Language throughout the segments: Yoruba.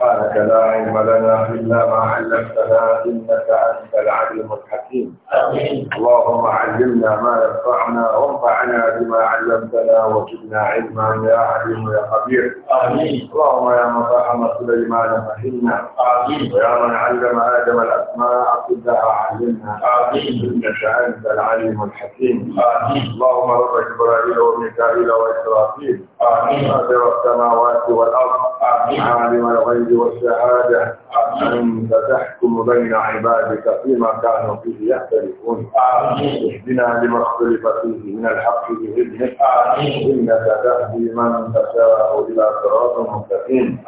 سبحانك لا علم لنا إلا ما علمتنا إنك أنت العليم الحكيم اللهم علمنا ما ينفعنا وانفعنا بما علمتنا وزدنا علما يا عليم يا خبير اللهم يا من فهم سليمان فهمنا ويا من علم آدم الأسماء كلها علمنا إنك أنت العليم الحكيم اللهم رب إبراهيم وميكائيل وإسرافيل فاطر السماوات والأرض عالم الغيب الغيب والشهادة أنت تحكم بين عبادك فيما كانوا فيه يختلفون اهدنا لما اختلف فيه من الحق بإذنك إنك تهدي من تشاء إلى صراط مستقيم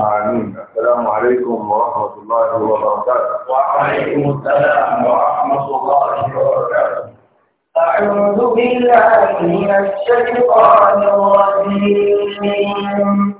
آمين السلام عليكم ورحمة الله وبركاته وعليكم السلام ورحمة الله وبركاته أعوذ بالله من الشيطان الرجيم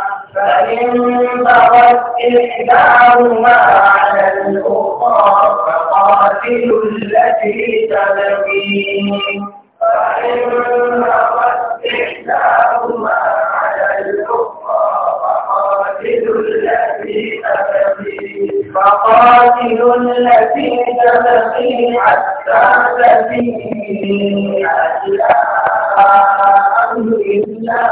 فإن بغت إحداهما على الأخرى فقاتلوا التي تبغي فإن بغت إحداهما على الأخرى فقاتلوا التي تبغي فقاتلوا التي تبغي حتى تبغي إلا أمر الله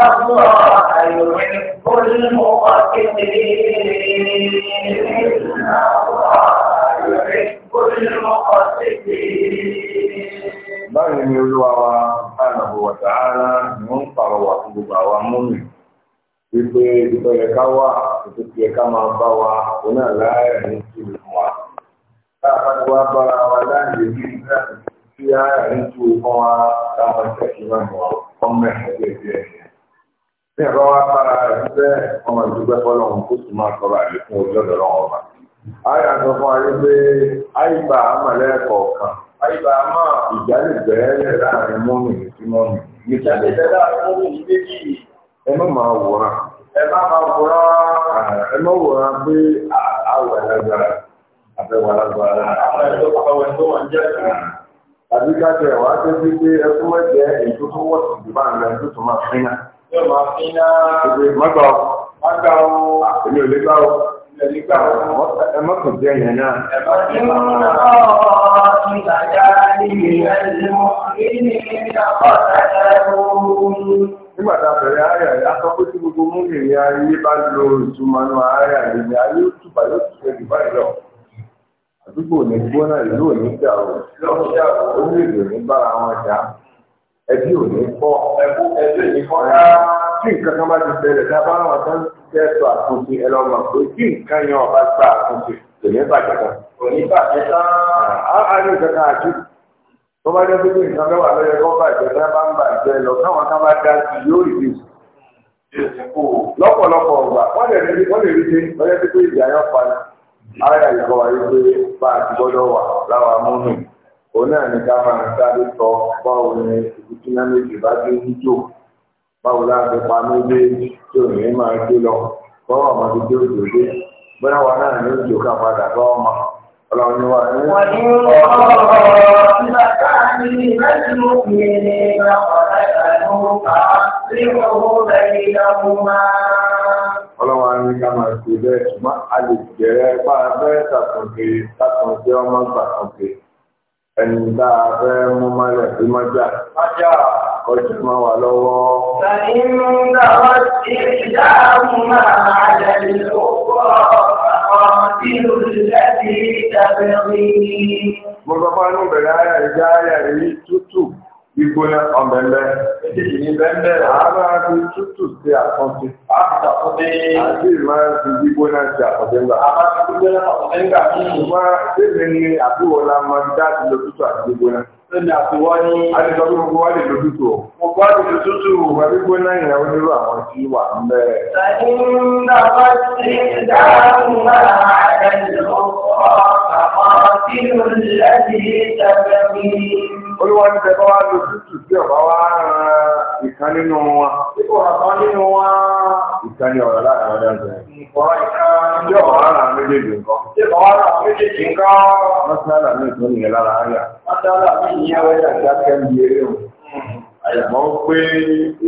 الله báyìí ni olúwa wa subhanahu ni wọ́n pàrọ̀ wà fún gbogbo àwa múmi wípé ìtọ́ yẹ wà ètò tí yẹ máa bá wa òun náà ní ìlú fún wa. táàbà tí wàá wa láàyè ní ìlú tí láàyè ní ìlú fún wa táwọn ìṣẹ̀kí náà wọ́n mẹ́rin ní ẹ̀rọ wa ọmọ ìdúgbẹ́ fọlọ́run kó sì máa sọ̀rọ̀ àlékún olóòdò lọ́wọ́ ọba. ayé àtọ́ fún ayé pé àyíbá àmàlẹ́ kọ̀ọ̀kan àyíbá àmà ìjálè bẹ́ẹ̀lẹ̀ láàrin mọ́mì sí mọ́mì. ìjálè bẹ́ẹ̀ láàrin la. yóò máa fi iná. ìgbè mọ́tò. mọ́tò o. èmi ò lè gbà o. èmi ò lè gbà o. ẹ má kàn jẹ́ yẹn náà. ẹ má kàn jẹ́ yẹn náà. ni ìrẹsì mọ́ ìní ìdàkọ̀tà ẹ̀rọ. Nígbà tá a bẹ̀rẹ̀ ayà yìí, a sọ pé tí gbogbo múmi ní ayé bá lo ìtumọ̀ náà ayà ni ayé ó túbà yóò tún ṣe jù báyìí àdúgbò ní gbóná ìlú òní jà o orílẹ̀-èdè ní bára wọn jà ẹbí ò ní kọ́ ẹbú ẹbí ò ní kọ́ rárá tí nǹkan kan bá ti bẹ̀rẹ̀ dábàá àwọn tó ń pé tí nǹkan yẹn ọba gba kò ní bàjẹ́ kan. kò ní bàjẹ́ kan. ní àti tó bá nǹkan mẹ́wàá lọ́yẹ bàjẹ́ bá ń bàjẹ́ lọ káwọn òun náà ní ká máa sáré sọ báwo ni ìdíjúná méjì bá dé níjò báwo láti pa méjèèjì tí ò ní máa gbé lọ bọ́wọ́ ọmọdé tí ó jò dé bóyá wa náà ní òjò ká padà bọ́ ọmọ ọlọ́run ni wà ní. wọ́n ní ọ̀rọ̀ nígbà tá a ní láti mú mi ní ọ̀rọ̀ ẹ̀ka ló fà sí owó rẹ̀ ìyàwó máa. ọlọ́run á ní ká máa ṣe bẹ́ẹ̀ ṣùgbọ́n a lè jẹ́ bá a fẹ́ ọmọ gbàtúnṣe ẹni tá a fẹ́ mú mọ́lẹ̀ sí mọ́jà ọjọ́ máa wà lọ́wọ́. Sàyínú dáwọ́ sí ìdáhùn máa àjẹ́ ìlọ́pọ̀ ọ̀dí olùdílé ti dàbẹ̀ rí. Mo sọ fún ẹnu bẹ̀rẹ̀ ayà ìjà ayà yìí tútù gbígbóná ọ̀bẹ̀lẹ̀ ìbẹ̀lẹ̀ àárá fi tútù sí àkọ́sí àti ìmáa fi gbígbóná sí àkọ́síńgbà. ṣùgbọ́n tèmi ni àbúrò la dáàbò tútù àti gbígbóná. Lónìí àtiwọ́ ní. A ti gbogbo wa lè lo tútù o. Gbogbo wa lè lo tútù. Ìwà gbígbóná yẹn ó nílò àwọn tí wà ń bẹ. Ṣàyínlá ti dáhùn olúwa ní bẹ́ẹ̀ wá lo tútù sí ọ̀bá wá ìkan nínú wa. Ipò ọ̀kan nínú wa. Ìkan ní ọ̀rọ̀ láàrin ọ̀dọ́ ìjọ. Ìfọ̀rọ̀ ìkan. Ṣé ọ̀rọ̀ ara méjèèjì nǹkan? Ṣé ọ̀rọ̀ ara méjèèjì nǹkan? Mọ́ṣálà mi ìtọ́nìyàn lára áyà. Mọ́ṣálà mi ìyẹn wẹ́dà jákẹ́ ń di eré òun àyàmọ́ pé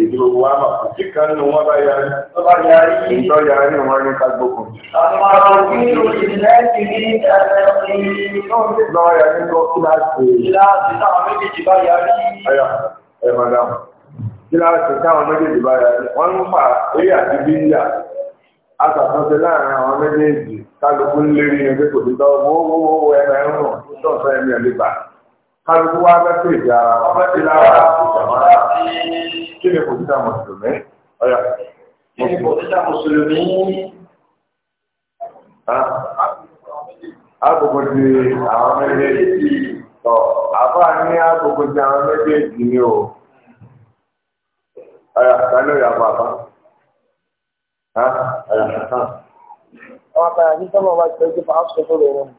èdè owó wa mà kò sí kan nínú wọn bá yarí. Tọ́ba yarí. Ìtọ́ yarí wọn ní kágbókun. Àwọn òbí òṣìlẹ́sì ní ẹ̀rẹ́sì. Lọ́wọ́ yarí ń lọ kíláàsì. Kíláàsì táwọn méjèèjì bá yarí. Ayà ẹ̀ madam. Kíláàsì táwọn méjèèjì bá yarí. Wọ́n ń pa eré àti bíyà. A ṣàtúnṣe láàárín àwọn méjèèjì. Kálukú ń lérí ẹgbẹ́ kò sí tọ́ wọ́wọ́wọ́ ẹ̀rọ ẹ̀rùn tó kálukú wa bẹ́ẹ̀ pè já ọmọ ti lára ìjàmọ́ rà kí ni kò títà mùsùlùmí ọ̀yà. kí ni kò títà mùsùlùmí. agogo di àwọn méjèèjì tọ àbá ní agogo di àwọn méjèèjì ni o ọ̀yà sani ọ̀yà bàbá ọ̀yà sàn. ọ̀pọ̀ àti sọ́mọ̀ wa ti tẹ́jú fún aṣọ tó lè rẹ̀.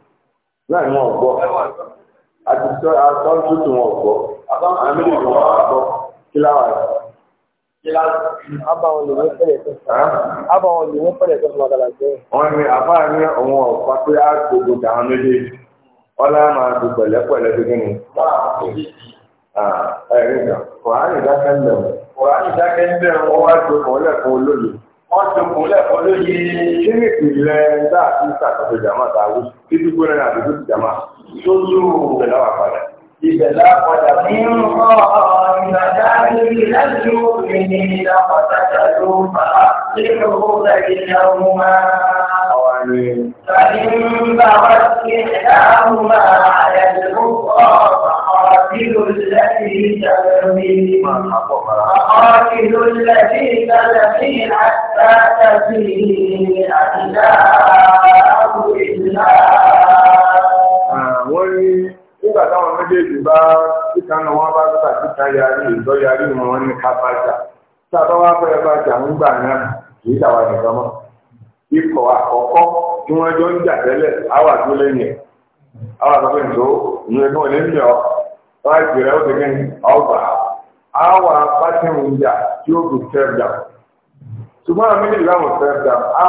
láì mú ọ̀gbọ́n àti sọ àtọ́jú tó wọn gbọ́ àmìlì tó wọn gbọ́ kí láwà rẹ̀. aba lè ní pẹ̀lẹ̀ tó fún ọ̀gá làjẹ́. Wọ́n ní àbá ní òun ọ̀pá pé á gbogbo dà án méjèèjì. Ọlá máa dùn pẹ̀lẹ́pẹ̀lẹ́ tó kí ni. Ẹ̀rí nà, Kùránì dákẹ́ ń bẹ̀rù. Kùránì dákẹ́ ń bẹ̀rù. Wọ́n wá ju mọ̀ọ́lẹ̀ fún olóyè. Wọ́n ju mọ̀ọ́lẹ̀ fún olóyè. Kí ni ìpìlẹ̀ ń dá àti ìsàkóso jàmáà tààwù? Kí dúgbò náà àdúgbò jàmáà? lójú ìbẹ̀lá wà padà. Ìbẹ̀lá padà ní ọ̀rọ̀ ìgbàdá lórí láti òkè ní ìdá pàtàkì ló fà á nínú ọ̀rọ̀ ìdá ọmọ. فإن بغت إحداهما على الأخرى فقاتل التي تبغي فقاتل التي تبغي حتى تفيء إلى أمر الله wọ́n ní nígbà táwọn méjèèjì bá síta náà wọ́n bá gbà síta yarí ìjọ yarí wọn ní ká a bá wá fẹ́ bá jà ń gbà náà kì í dàwà nìkan mọ́ ikọ̀ àkọ́kọ́ tí wọ́n jọ ń jà tẹ́lẹ̀ tó lẹ́yìn tó lẹ́yìn tó wọ́n á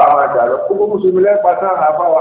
ọgbà tí ó kù ṣùgbọ́n àmì máa jà lọ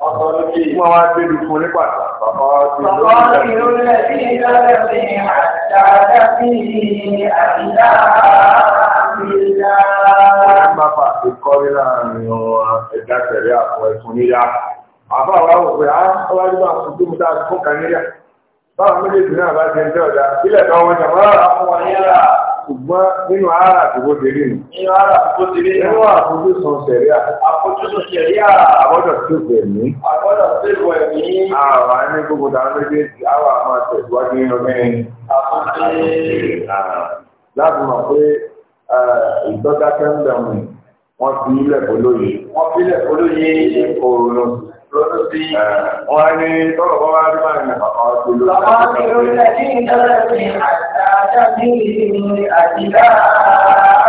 wọ́n wá débi fún nípa bàbá á wá nígbà fún tí mo Báwo méjèèjì náà bá ti ń tẹ́ ọ̀dà? Ilẹ̀ kan wọ́n jàmọ́. Àwọn ìyára ṣùgbọ́n nínú ara àtúgbò ti rí nù. nínú ara àtúgbò ti rí nù. nínú àfojúsùn sẹ̀ríà. àfojúsùn sẹ̀ríà. àbọ̀dọ̀ tí ó bẹ̀ mí. àbọ̀dọ̀ tí ó bẹ̀ mí. àwa ní gbogbo dáná méjèèjì àwa máa tẹ̀síwájú nínú mẹ́rin. àfojúsùn. láti mọ̀ pé ìtọ́jà kẹ́ńdà mi wọ́n fi ilẹ̀ polóye. wọ́n fi ilẹ̀ polóye. òòrùn wọ́n ní tọ́lọ̀ bọ́ máa ní ọ̀pọ̀ ọdún lórí. Bàbá mi sí àtàjá ní àjílá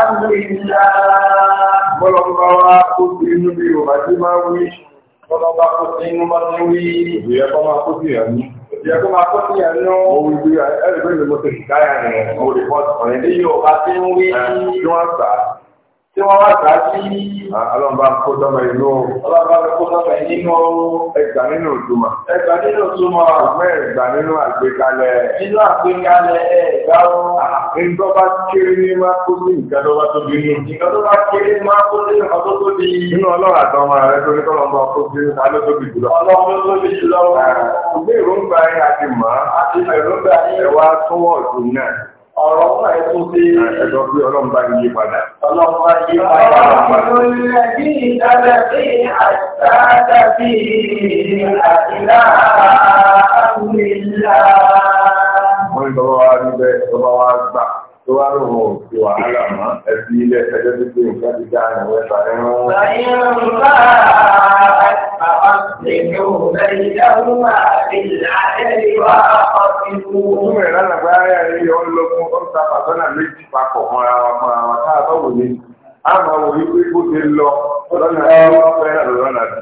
àmúrìnlá. kó sí inú bí wí. Bọ́lọ̀ bá kó sí inú bá sí wí. Ìyẹ́ kọ́ máa kó sí ẹ̀mí. Ìyẹ́ kọ́ máa kó sí ẹ̀mí. Mo wí bí ẹ̀rẹ́ mi mo ti kìkáyà rẹ̀. Mo lè bọ́ ọ̀rẹ́ tí wọ́n wá gbà sí. Ah, Ọlọ́mọba kó dọ́mọ inú o. Ọlọ́mọba kó dọ́mọ inú o. Ẹgbà nínú òtúmọ̀. Ẹgbà nínú òtúmọ̀. Àgbẹ̀ ẹgbà nínú àgbékalẹ̀. Nínú àgbékalẹ̀ ẹgbà o. Ah, nǹkan bá kéré ní máa kó sí nǹkan tó bá tóbi ní. Nǹkan tó bá kéré ní máa kó sí nǹkan tó tóbi. Nínú ọlọ́run àtọmọ rẹ tó ní kọ́lọ́mọba kó sí nǹkan tó tóbi jùlọ. Ọlọ́run ló tóbi jùlọ. Ah, ìgbé ọ̀rọ̀ fún ẹ̀ tó ṣe ẹ̀dọ̀ pé ọlọ́run bá padà tó wá rò wọ́n ti wàhálà mọ́ ẹbí ilé ẹjọ́ tó gbé nǹkan ti dá àwọn ẹ̀fà ẹ̀rọ. Báyọ̀ bá àpá nínú ìyàwó àbíláàdé wa ọ̀sìnkú. Fún ẹ̀rọ àgbà yìí ó lọ́kùn ó ń méjì papọ̀ mọ́ra wọn mọ́ra wọn tá a bá wò ní. pé bó ti lọ, ọ̀dọ́nà ẹ̀rọ fẹ́ràn lọ́nà bí.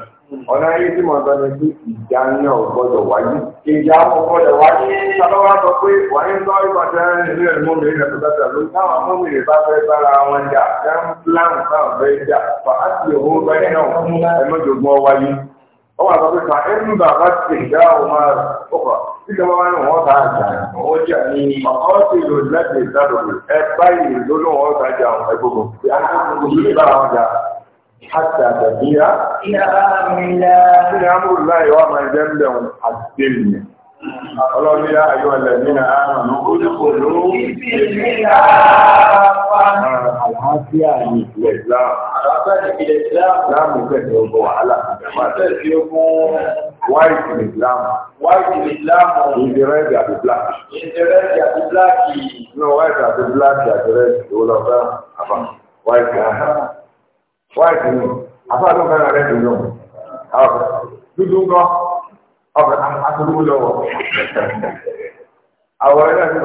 ọ̀nà ayé tí mo sọ ni pé ìjà náà gbọ́dọ̀ wáyé. ìjà gbọ́dọ̀ wáyé sábàbá sọ pé wọ́n ń lọ ẹ̀mú mi rẹ̀ tó bẹ́tẹ̀ ló táwọn ọmọ bá fẹ́ bára wọn jà jẹ́ ń pílánù táwọn fẹ́ jà fà á sì bẹ́ẹ̀ náà ẹ̀mọ́jọ̀gbọ́n wáyé. ẹ̀mú bàbá ti ọkọ̀ حتى تبيع إلى أمر الله إلى أمر الله وما جنبهم السلم قالوا يا أيها الذين آمنوا ادخلوا في السلم العافية عن الإسلام لا مكتب على White in Islam. White in Islam. In the red at the black. In the red at the black. No, white at the black at wáìtì ni àfọ àti nǹkan rẹ̀ dùn yóò dúdú ńkọ́ ọ̀fẹ́ àtúndúgbò lọ́wọ́ àwọ̀ ẹ̀ náà ti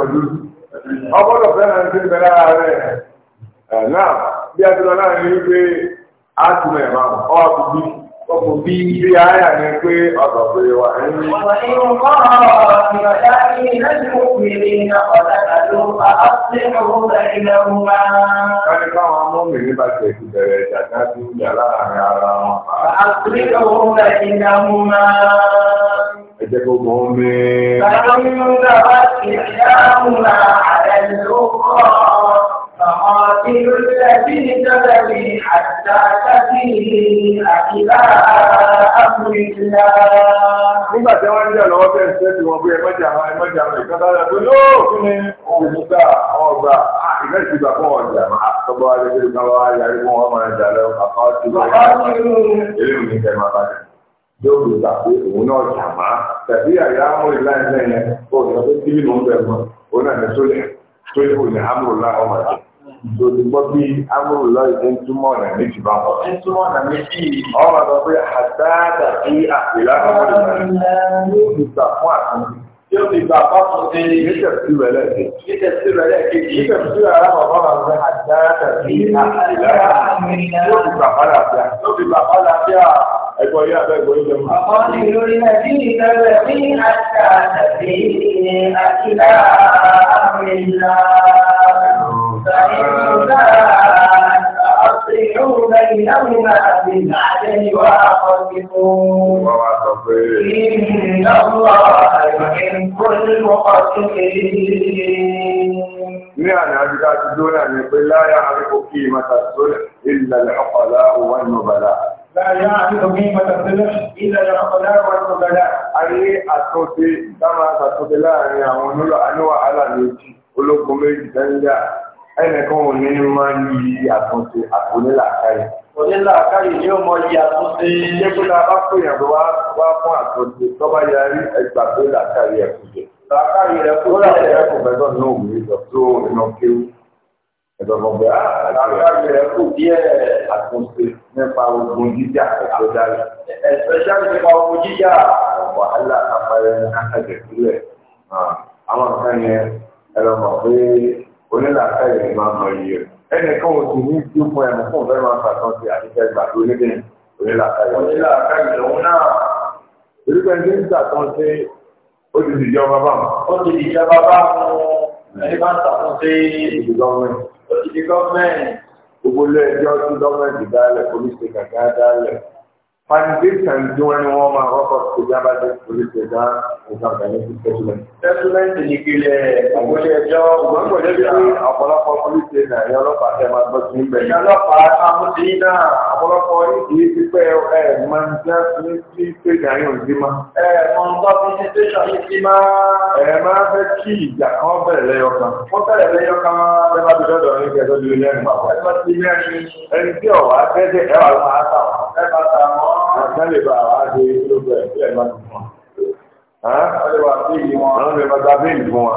ọgbọ́dọ̀ fẹ́ràn ní ti bẹ̀rẹ̀ ara náà bí a ti lọ láàrin a ti Ọkùn bí bí ayà ni pé ọ̀dọ̀ pé wà ní. Ọ̀dọ̀ inú kọ́ ọ̀rọ̀ ìrọ̀lá ní lẹ́yìn òkèèrè ní ọ̀dà àdó àbáṣe ọ̀hún ilẹ̀ ọ̀hún máa. Káni káwọn mọ́mì ní bàjẹ́ ìbẹ̀rẹ̀ ìjàdá tí ó yà láàárín ara wọn. Àbáṣe ọ̀hún ilẹ̀ ọ̀hún máa. Ẹ jẹ́ gbogbo omi. Kàlọ́ nínú náà bá ti ṣe àmúra àdàlú kọ́. فقاتلوا الذين تبغي حتى تفيء إلى أمر الله. nígbà tí wọ́n ń jà lọ́wọ́ bẹ́ẹ̀ ṣe ti wọ́n bí ẹ mọ́jà máa ẹ mọ́jà máa ìkan dára pé yóò fún mi òmùgbà àwọn ọgbà ah, ìgbà tí ìgbà fún ọjà máa ah, tọ́gbọ́ adébẹ́ ìgbà wa yàrá ìwọ̀n wọn máa ń jà lọ́wọ́ bàbá ti wọ́n máa ń jà lọ́wọ́ bàbá ti wọ́n máa ń jà yóò fi gbà pé òun náà jà má tàbí àyà amúlẹ̀ láìpẹ́ yẹn kó o sọ pé tíbi ló ń bẹ̀ mọ́ òun náà ní sólẹ̀ sólẹ̀ òun ní amúlẹ̀ ọmọ àti Òdìgbọ́ bí Amúrùlọ́ ìdí ń túmọ̀ méjì bá wọn. Ń túmọ̀ méjì. Ọ̀rọ̀ lọ pé àdáàdà sí àpèlá ọmọdé náà yóò fi gbà fún àtúntò. Yóò fi gbà fún ṣe. Nígbà tí rẹ̀ lẹ́ẹ̀kejì. Nígbà tí rẹ̀ lẹ́ẹ̀kejì. Nígbà tí rẹ̀ aláwọ̀ bá sí àpèlá ọmọdé yóò fi gbà bá làbíà. Yóò fi gbà bá làbíà. Ẹ̀gbọ́n yá فإما أصلحوا بينهما بالعدل وأقسطوا إن الله يحب المقسطين ní àná àjíká ti dóná ní pé láyá àríkò kí mata sólẹ̀ ilẹ̀ ọ̀pọ̀lá wọn nùbàlá. Láyá àríkò kí mata sólẹ̀ ilẹ̀ ọ̀pọ̀lá wọn nùbàlá. Ayé àtúnṣe dámà àtúnṣe láàrin àwọn onílọ̀ àníwà alàlójì ológun méjì tẹ́lẹ̀ ẹnìkan ò ní mọ yí àtúnṣe àtúnilàkáyè. onílàkáyè ni ó mọ yí àtúnṣe. yẹ́kúlá bá pèèyàn ló wá wá fún àtúnṣe tó bá yarí ẹgbà tó làkáyè ẹ̀ kù jẹ. làkáyè rẹ̀ kú jẹ́ ẹ̀ ẹ̀ kò fẹ́ sọ ní òun yìí sọ tó iná kéwú. ẹ̀dọ̀ gbọ̀ngbẹ̀ á ah, làkáyè rẹ̀ kù díẹ̀ àtúnṣe nípa ogun jíjà tó dárí. especially nípa ogun jíjà. wàhálà àpẹẹrẹ ah, àwọn kan yẹn ẹ onílàáfẹ́ yìí máa mọ iye rẹ̀ ẹnìkan ò sì ní bí fún ẹ̀mú fún ìfẹ́ máa fàtàn sí àtijọ́ ìgbà tó ní bẹ́ẹ̀ onílàáfẹ́ yìí. onílàáfẹ́ yìí òun náà. orúkọ ẹni ń tàkàn sí ó ti dìjọ bàbá mu. ó ti dìjọ bàbá mu ẹni bá ń tàkàn sí ìdí gọ́ọ̀mẹ̀ntì. ó ti di gọ́ọ̀mẹ̀ntì. gbogbo ilé ẹjọ́ tí gọ́ọ̀mẹ̀ntì dálẹ̀ polisi kàkà dálẹ̀ Foundation ni wọ́n máa rọ́pọ̀ tó jábá dé oríṣi ẹ̀dá ọ̀gá ìgbàlẹ̀ sí settlement. Settlement ni ìpìlẹ̀ ògbóṣe ẹjọ́ ògbóngbòdé bí ọ̀pọ̀lọpọ̀ oríṣi ẹ̀dá a ọlọ́pàá tẹ̀ máa gbọ́ sí ń bẹ̀rẹ̀. Ọlọ́pàá amúdí náà ọ̀pọ̀lọpọ̀ ìdí ti pẹ́ ẹ̀ a ń já ní sí ṣèjà yóò dí ma. Ẹ mọ bá fi ṣe tẹ̀sán yìí sí máa. Ẹ máa fẹ́ kí ìjà kan bẹ̀rẹ̀ lẹ́yọkan. Wọ́n bẹ̀rẹ̀ lẹ́yọkan bẹ́ẹ̀ bá ti dọ́dọ̀ ní kẹ́tọ́ di ilé ẹ̀rùn bàbá. Ẹ bá ti ilé ẹ̀rùn ẹni tí ọ̀wá tẹ́tẹ́ ẹ̀wà ló máa tà wá. Ẹ̀ka lè bá àwọn àti ìlúgbẹ̀ ẹ̀kí ẹ̀má ti fún wa. Àwọn lè bá gba bíìlì fún wa.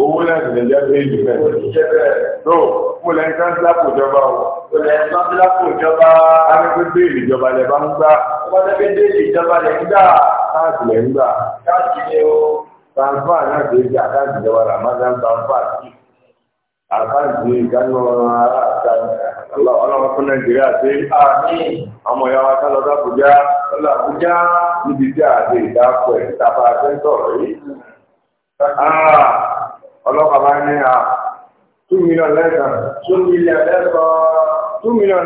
Owó náà sì lè jẹ́ bíìlì bẹ́ẹ̀. Tó, mo lẹ́yìn káńsílápù ìjọba o. Mo lẹ́yìn káńsílápù ìjọba. A ní pé bíìlì ìjọba lẹ̀ bá ń gbà. Wọ́n tẹ́ pé bíìlì ìjọba lẹ̀ ń gbà. Káàsì lẹ̀ ń gbà. Káàsì o. Transfer náà kì í ṣe àkáǹtì ìjọba Ramadan àkáǹtì ìdánù ọ̀ràn ará àta ọlọ́wọ́ fún nàìjíríà sí ọmọ ìyá wa sálọ sábùjá ọlọ́ níbi tí àti ìdápọ̀ ẹ̀ tábà sẹ́ńtọ̀ ah, ọlọ́pàá ní à ah, two million lẹ́sàn two million lẹ́sàn two million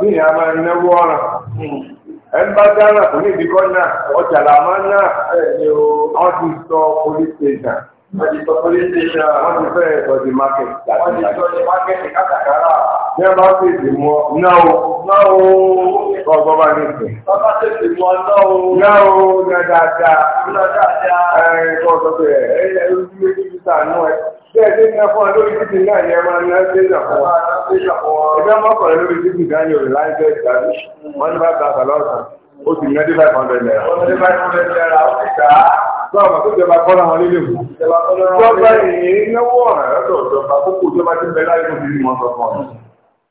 million ẹnba dára kò ní ìdíkọ́ náà ọjà làmá náà àwọn sọ police station. Wọ́n ti sọ police station, wọ́n ti fẹ́ ìtọ́jú market. Wọ́n ti tọ́jú market kátàkárà. Bí wọ́n bá sì ti mú ọ, náà o. Náà o. Ọgbọ́n bá ní ìsìn. Bàbá sì ti mú ọ, náà o. Náà o, náà dáadáa. Náà dáadáa. Ẹ kọ́ ọ sọ pé ẹ ẹ ojú ti ó sì yẹn dé five hundred naira. ó dé five hundred naira ó sì gbà á. tó àwọn tó jọba kọ́lá wọn nílé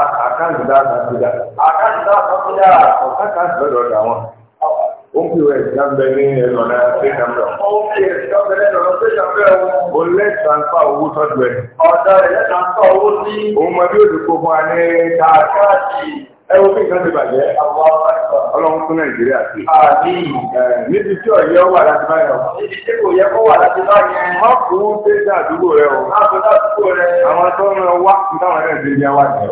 àkáǹtìdá àkáǹtìdá àkáǹtìdá àkáǹtìdá ọ̀káǹtìdá lọ́dọ̀ àwọn ó ń kíwẹ̀ ìjàmbẹ ní ẹnu ọ̀nà ṣẹ́jàmbẹ ọ̀. ó ń kíwẹ̀ ìjàmbẹ ní ẹnu ọ̀nà ṣẹ́jàmbẹ ọ̀. ó lẹ́sàǹfà owó ẹwọ bí nǹkan ti bàjẹ́ ọlọ́run fún nàìjíríà sí. níbi tí ọ̀yẹ́ wà láti báyọ̀. níbi tí kò yẹ wà láti báyọ̀. má fún dédé àdúgbò rẹ o. má fún àdúgbò rẹ. àwọn tó ń wá táwọn nàìjíríà wà ní.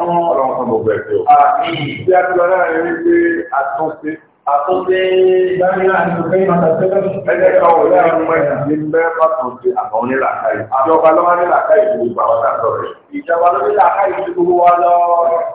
ọlọ́run fún gbogbo ẹ̀ tó. bí a ti lọ náà rí pé àtúnṣe àtúnṣe ìgbàmílà ní ọ̀fẹ́ ìmọ̀ta tẹ́lẹ̀. ẹgbẹ́ kan wò ní àwọn ọmọ ẹ̀yà ní bẹ́ẹ̀ bá tó ṣe àwọn onílàkà yìí. ìjọba ló wá nílàkà yìí gbogbo àwọn àtọ̀ rẹ̀. ìjọba ló nílàkà yìí gbogbo wa lọ.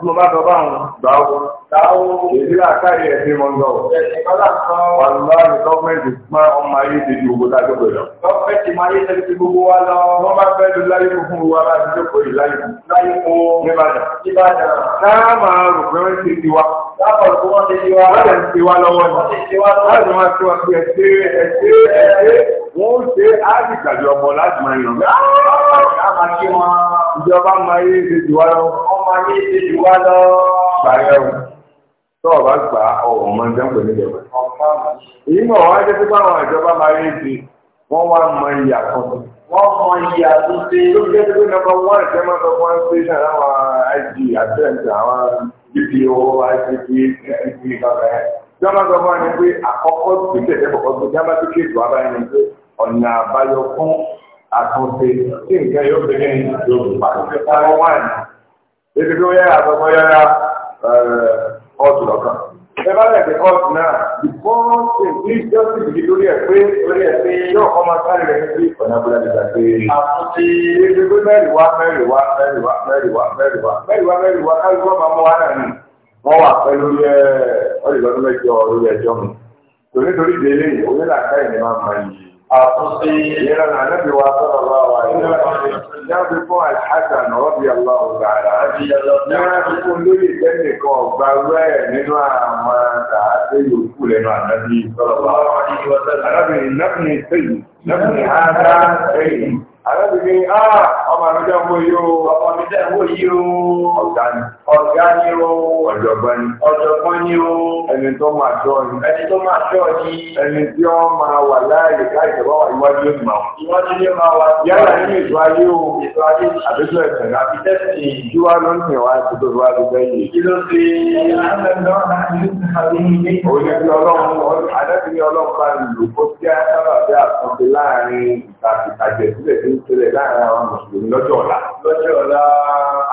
tí mo bá sọ bá wọn. gbàwó. gbàwó. èyí làkà yìí ẹ̀sìn mọ́ lọ. ẹ̀sìn kọ́lá kan. wàlúwà ní gọ́ọ̀mẹ̀ntì máa ọmọ ayé ti di gbogbo lájọ́gbẹ̀ lọ. gọ́ọ̀mẹ̀ntì máa ayé ti di gbogbo wa lọ. wọ́n bá fẹ́ lu láyé fún wa láti jókòó yìí láyé fún. láyé fún. níbàdàn. níbàdàn. náà máa rò pé wọ́n ti ti wa. láàbọ̀ lọ́wọ́ ni láti máa tí wọ́n pé ẹ̀ṣẹ́ ẹ̀ṣẹ́ ẹ̀ṣẹ́ wọ́n ó ṣe áàdìgbàjọ ọmọ láti máa yàn mẹ́rin. ìjọba máa yé ṣe jù wá lọ. ọmọ ayé ṣe jù wá lọ. gbàyẹ̀ o tó o bá gbà ọ̀rọ̀ mọ ẹgbẹ́ pẹ̀lú ìjọba. èyí mọ̀ wá jẹ́ pípa àwọn ìjọba máa yé ṣe wọ́n wá mọ iye àkọsí. wọ́n mọ iye àtúnṣe. tó jẹ́ pé nọ́mbà wọ́n ìjẹ́ máa sọ fún ẹ́sítẹ́ṣàn jọba sọ fún ẹni pé àkọ́kọ́ gbèsè ẹ̀kọ́kọ́ tó jábá tó kéèkì wá báyìí ni pé fún àtúnṣe tí nǹkan yóò fi ní yóò pàṣẹ fún wọn ní. tó yẹ àtọ́kọ́ yára kóòtù lọ́kàn. Ẹ bá lẹ̀ pé náà the ṣe ní jọ́sìn yìí lórí ẹ̀ pé lórí ẹ̀ pé yóò kọ́ máa sáré rẹ̀ nítorí ọ̀nà àbúrò ti gbàgbé. Àtúnṣe ètò pé mẹ́rìnwá mẹ́rìnwá mẹ́rìnwá mẹ́rìnwá mẹ́rìnwá mẹ́rìnwá mẹ́rìnwá wọ́n wà pẹ́ lórí ẹ̀ ọ̀lẹ́ lọ́dún mẹ́jọ lórí ẹjọ́ mi tò nítorí délé yìí onílàkà ìní máa ma yìí. àtúnṣe ìlera náà nẹ́bí wa sọ̀rọ̀ bá wa ìlera náà fi fún alhassan rọ́bì aláwọ̀ dára náà fi fún lóye tẹ́lẹ̀ kan ọ̀gbà rẹ̀ nínú àwọn àtàtẹ́ lẹ́nu ànábì sọ̀rọ̀ bá wa. arábìnrin sẹ́yìn lọ́pìn àádá ẹ̀yìn arábìnrin àà ah, ọmọ àmìjẹ́ owó yíó ọmọ àmìjẹ́ owó yíó ọ̀gáni ọ̀gáni ó ọ̀jọ̀gbọ́n ni ọ̀jọ̀gbọ́n ni ó ẹni tó máa tọ́ ni ẹni tó máa tọ́ ni ẹni tí ó máa wà láàyè káìsẹ̀ wá wà iwájú ó máa wà iwájú ó máa wà yálà nínú ètò ayé ó ètò ayé àbísọ ẹ̀sẹ̀ náà fi tẹ́sí ìjú wa ló ń sìn wá ti tó wá lóṣẹ́ yìí kí ló ṣe onídìí ọlọ́run adájọ́ ọlọ́run bá lù kó kí á sábà bí láàrin ìtàkìtàjẹ̀ sílẹ̀ tó ń tẹ́lẹ̀ láàrin àwọn mùsùlùmí lọ́jọ́ ọ̀la. lọ́jọ́ ọ̀la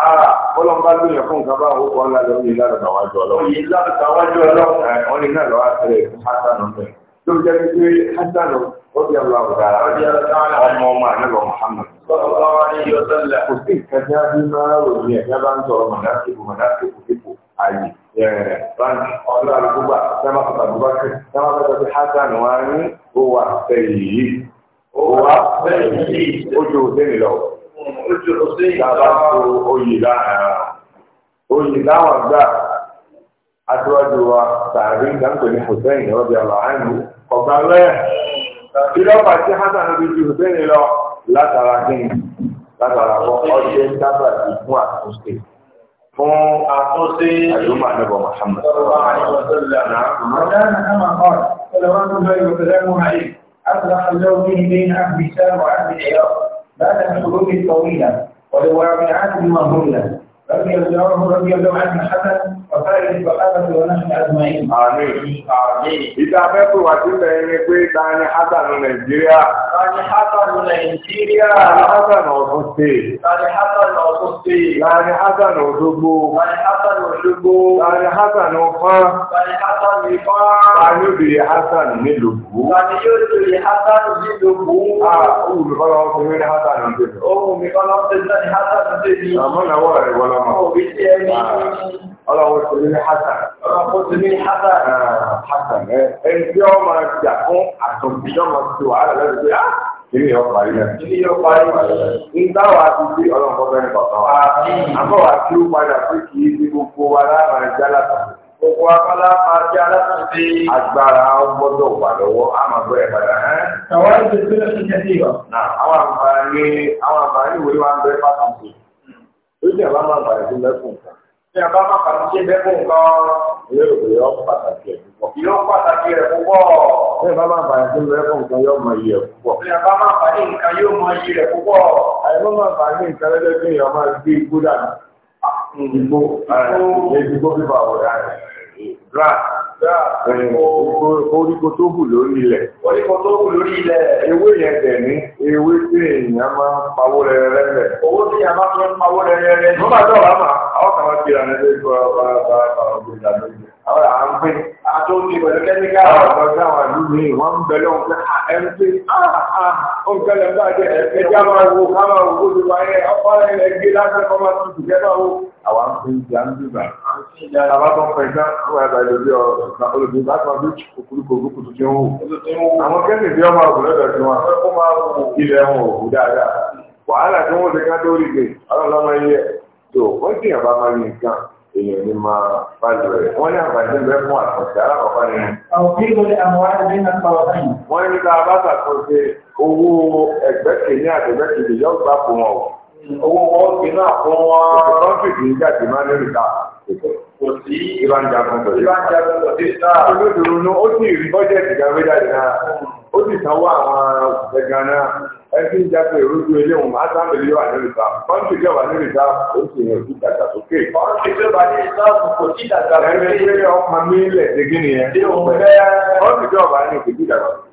ara ah, ọlọ́run bá lóyún fún nǹkan bá owó kan lálẹ́ oyin lárúkà wájú ọlọ́run. oyin lárúkà wájú ọlọ́run. Eh, wọ́n ní náà lọ́wọ́ àtẹ̀lẹ̀ fún hasan ọ̀fẹ́. ló ń jẹ́ pé hasan ọ̀bí aláwọ̀dà ọmọ ọmọ àníbọ̀ muhammad. kò sí ìkẹjá bí máa ròyìn ẹ̀já bá ń sọ̀rọ̀ mọ̀dáṣípò mọ̀dáṣípò dípò àyè báńkì ọlọ́run gbogbo àti sẹ́mà owó ojú òsèré lọ ojú òsèré tàbá tó oyè láàrin oyè láwọn gbà aṣíwájú wa tààrí gbàǹgbè ní hussein ọbẹ aláàánú ọgbà lọyà ìlọpà tí hasan fi ju hussein lọ látara kíni látara fún ọjọ dábàá ti fún àtúnṣe fún àtúnṣe àdúmà níbọ muhammad. ọ̀rọ̀ àwọn ọ̀sẹ̀ lẹ́nà. ọ̀dà náà máa ń kọ́ ọ̀rọ̀ wọn tó أطلق زوجه بين أهل الشام وأهل العراق بعد حروب طويلة ولواء من عهد مهولة رضي الله عنه حسن Ìta fẹ́ pè wá sílẹ̀ ni pé ta ni Hassan Nàìjíríà. Ta ni Hassan Nàìjíríà. Ta ni Hassan Ọ̀ṣun ṣe. Ta ni Hassan Ọ̀ṣun ṣe. Ta ni Hassan Òṣogbo. Ta ni Hassan Òṣogbo. Ta ni Hassan Ọ̀fán. Ta ni Hassan Ìfán. Ta ni Obìnrin Hassan nílùú. Ta ni yóò ṣe lè Hassan nílùú. A òun mi kọ́ lọ́wọ́ fún mi ní Hassan ń tẹ̀lé. Òun mi kọ́ lọ́wọ́ fún mi ní Hassan ń tẹ̀lé. Àmọ́ náà wọ̀ rẹ̀ wọ́n lọ́mọ. Òbí ti ẹni ọlọ́run sì ní hasan ọlọ́run sì ní hasan ah, hasan ẹ eh. ẹ bí ọ máa jà fún àtọ̀bí yọ máa ti wàhálà lẹ́nu pé ah kìnìún yọ parí náà kìnìún yọ parí náà ń dá wa ti di ọlọ́run kọ́kọ́ ní kọ̀ọ̀kan wa àbọ̀ wa ti ó padà pé kì í di gbogbo wa lára ẹja látọ̀ gbogbo akọ́lá máa jẹ́ alátúndé agbára gbọ́dọ̀ wà lọ́wọ́ àmọ́ bẹ́ẹ̀ padà ẹ́. àwọn ẹgbẹ́ tó lọ sí ìjẹ́sí ìwà. àwọn àǹfààní àwọn àǹfààní ìwé wa ń bẹ fásitì. Hmm. ó jẹ́ àwọn àǹfààní tó lẹ́kùn kan tí a bá má pàtàkì ẹgbẹ́ fún nǹkan. Ilé òwe yọ pàtàkì ẹ̀ púpọ̀. Yọ pàtàkì ẹ̀ púpọ̀. Bí a bá má pàtàkì ẹgbẹ́ fún nǹkan yóò mọ iye ẹ̀ púpọ̀. Bí a bá má pàtàkì nǹkan yóò mọ iye ẹ̀ púpọ̀. Àìmọ́ má pàtàkì nǹkan lẹ́gbẹ́ bí èèyàn máa gbé igbó dànù. Ah, mm. Igbó igbó bíbá ọ̀rẹ́ rẹ̀ rà tó hù lórí ilẹ̀. oríko tó hù lórí ilẹ̀. ewé yẹn dẹ̀ ní ewé tí èèyàn máa ń pawó rẹ̀rẹ̀ rẹ̀. owó tí èèyàn máa ń pawó rẹ̀rẹ̀ rẹ̀. mo máa dọ̀wọ́ àwọn kan máa ń gbéra ní ẹgbẹ́ ìgbà ọ̀gbìn ìdàgbàsókè àwọn àwọn pé àtúntì pẹ̀lú kẹ́míkà ọ̀gbọ̀n àwọn ìlú mi wọ́n ń bẹ̀rẹ̀ òun pé ẹ̀ ń pè áà òun kẹlẹ̀ bá jẹ́ ẹ̀ẹ́dẹ́gbẹ́ máa wo ká máa wo kó ti wá yẹ ọ̀pọ̀ ẹ̀ gbé lásán kọ́ máa tún tìjẹ́ máa wo àwọn ń pè ìjà ń dùn báyìí. àbá tó ń pè ká wọ́n yà bàjẹ́ bí ọ̀rọ̀ olùdó bá tó bí òkúrúkọ orúkọ tó ti ń wò. àwọn kẹ́mì bí ọmọ àgùn lọ́dọ̀ tí wọ́n fẹ́ kó máa wò ilẹ̀ wọn ò wù dáadáa wàhálà tí wọ́n ti ká tó rí gbé ọlọ́run lọ́mọ iye tó wọ́n ti yàn bá máa yin nǹkan èèyàn ní máa bá lò rẹ̀. Wọ́n ní àǹfààní bẹ́ẹ̀ fún àtúnṣe alákọ̀ọ́kọ́ ni. Àwòkí ló lè àwọn aráàlú náà pa ọ̀sán yìí. Wọ́n ní ká bá ṣàtúnṣe owó ẹgbẹ́kẹ̀lé àti ẹgbẹ́kẹ̀lé yóò gbà fún wọn. Owó wọn ti náà fún wọn. Kọ́ńtì kì í jáde máa ní ìta. Kò sí ìbánjagun pẹ̀lú. Ìbánjagun pẹ̀lú ìta. Olódòdó ó sì rí bọ́jẹ̀tì gàwé náà. Ó sì sanwó àwọn òṣìṣẹ́ náà ẹtí ń jáde ìrújú ilé wọn máa sáà mílíọ̀ àníríta kọ́ńtì kẹwàá àníríta ó sì yàn ojú dàgbà sókè. kọ́ńtì kẹwàá àníríta kò tí dàgbà sókè. ẹni pé ọkàn mi lẹ̀ dégé nìyẹn. kọ́ńtì kẹwàá àníríta kò tí dàgbà sókè.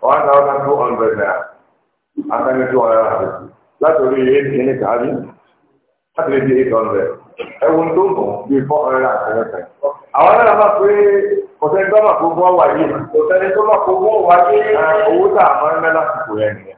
one thousand two hundred naira atani two hundred and fifty láti orí eight kìíní kàábí láti lè di eight hundred ẹwù tó ń bọ̀ bíi four hundred and seventy. àwọn náà máa pé kò sẹ́ni tó máa kó wáyé kò sẹ́ni tó máa kó wáyé owó tá a máa ń ná lásìkò yẹn nìyẹn.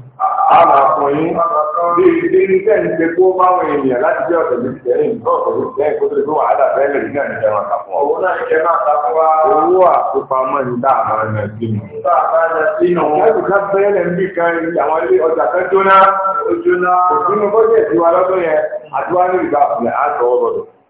A ma yín bí ibi tẹ́ ń pe kó báwọn láti jẹ́ ọ̀sẹ̀ méjì lẹ́yìn nǹkan ọ̀sẹ̀ kó tó lè fi wàhálà bẹ́ẹ̀ lè ní àníjẹ́ wọn kà fún ọ. owó náà ṣe máa ta fún wa. owó sí mi. sí àwọn ilé ọjà jóná. ó jóná. lọ́dún yẹn ní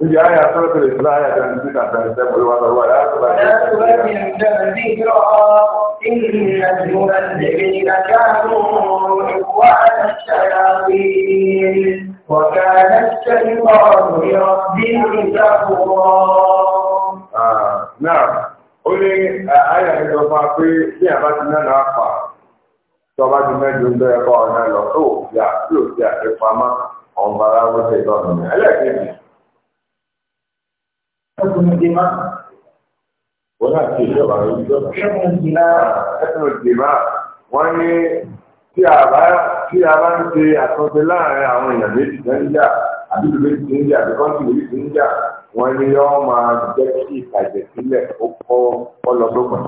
Níbi ayà tó rẹ̀ sílá ayà jẹ́ ní títà tẹ̀lé tẹ́mù ló wà lọ́wọ́ ayà tó bá jẹ́. Náà, ó ní eh, ayà ní sọ fún pé bí àbá ti náà náà pa, tọba ti mẹ́jọ ń bẹ́ẹ̀ kọ́ ọ̀nà lọ tó òfin àti òfin àti pamọ́ ọ̀nbàrá wọ́n ṣe ìtọ́nù. Ẹlẹ́ẹ̀kejì. حكم الدماء ولا تجربة حكم الدماء حكم الدماء وأني tí a bá tí a bá ń ṣe àtúnṣe láàrin àwọn èèyàn méjì tó ń jà àbílù méjì tó ń jà àbí kọ́ńtì méjì tó ń jà wọn ni yọ máa jẹ́ kí ìtàjẹ̀ sílẹ̀ ó kọ́ ọ lọ tó pọ̀.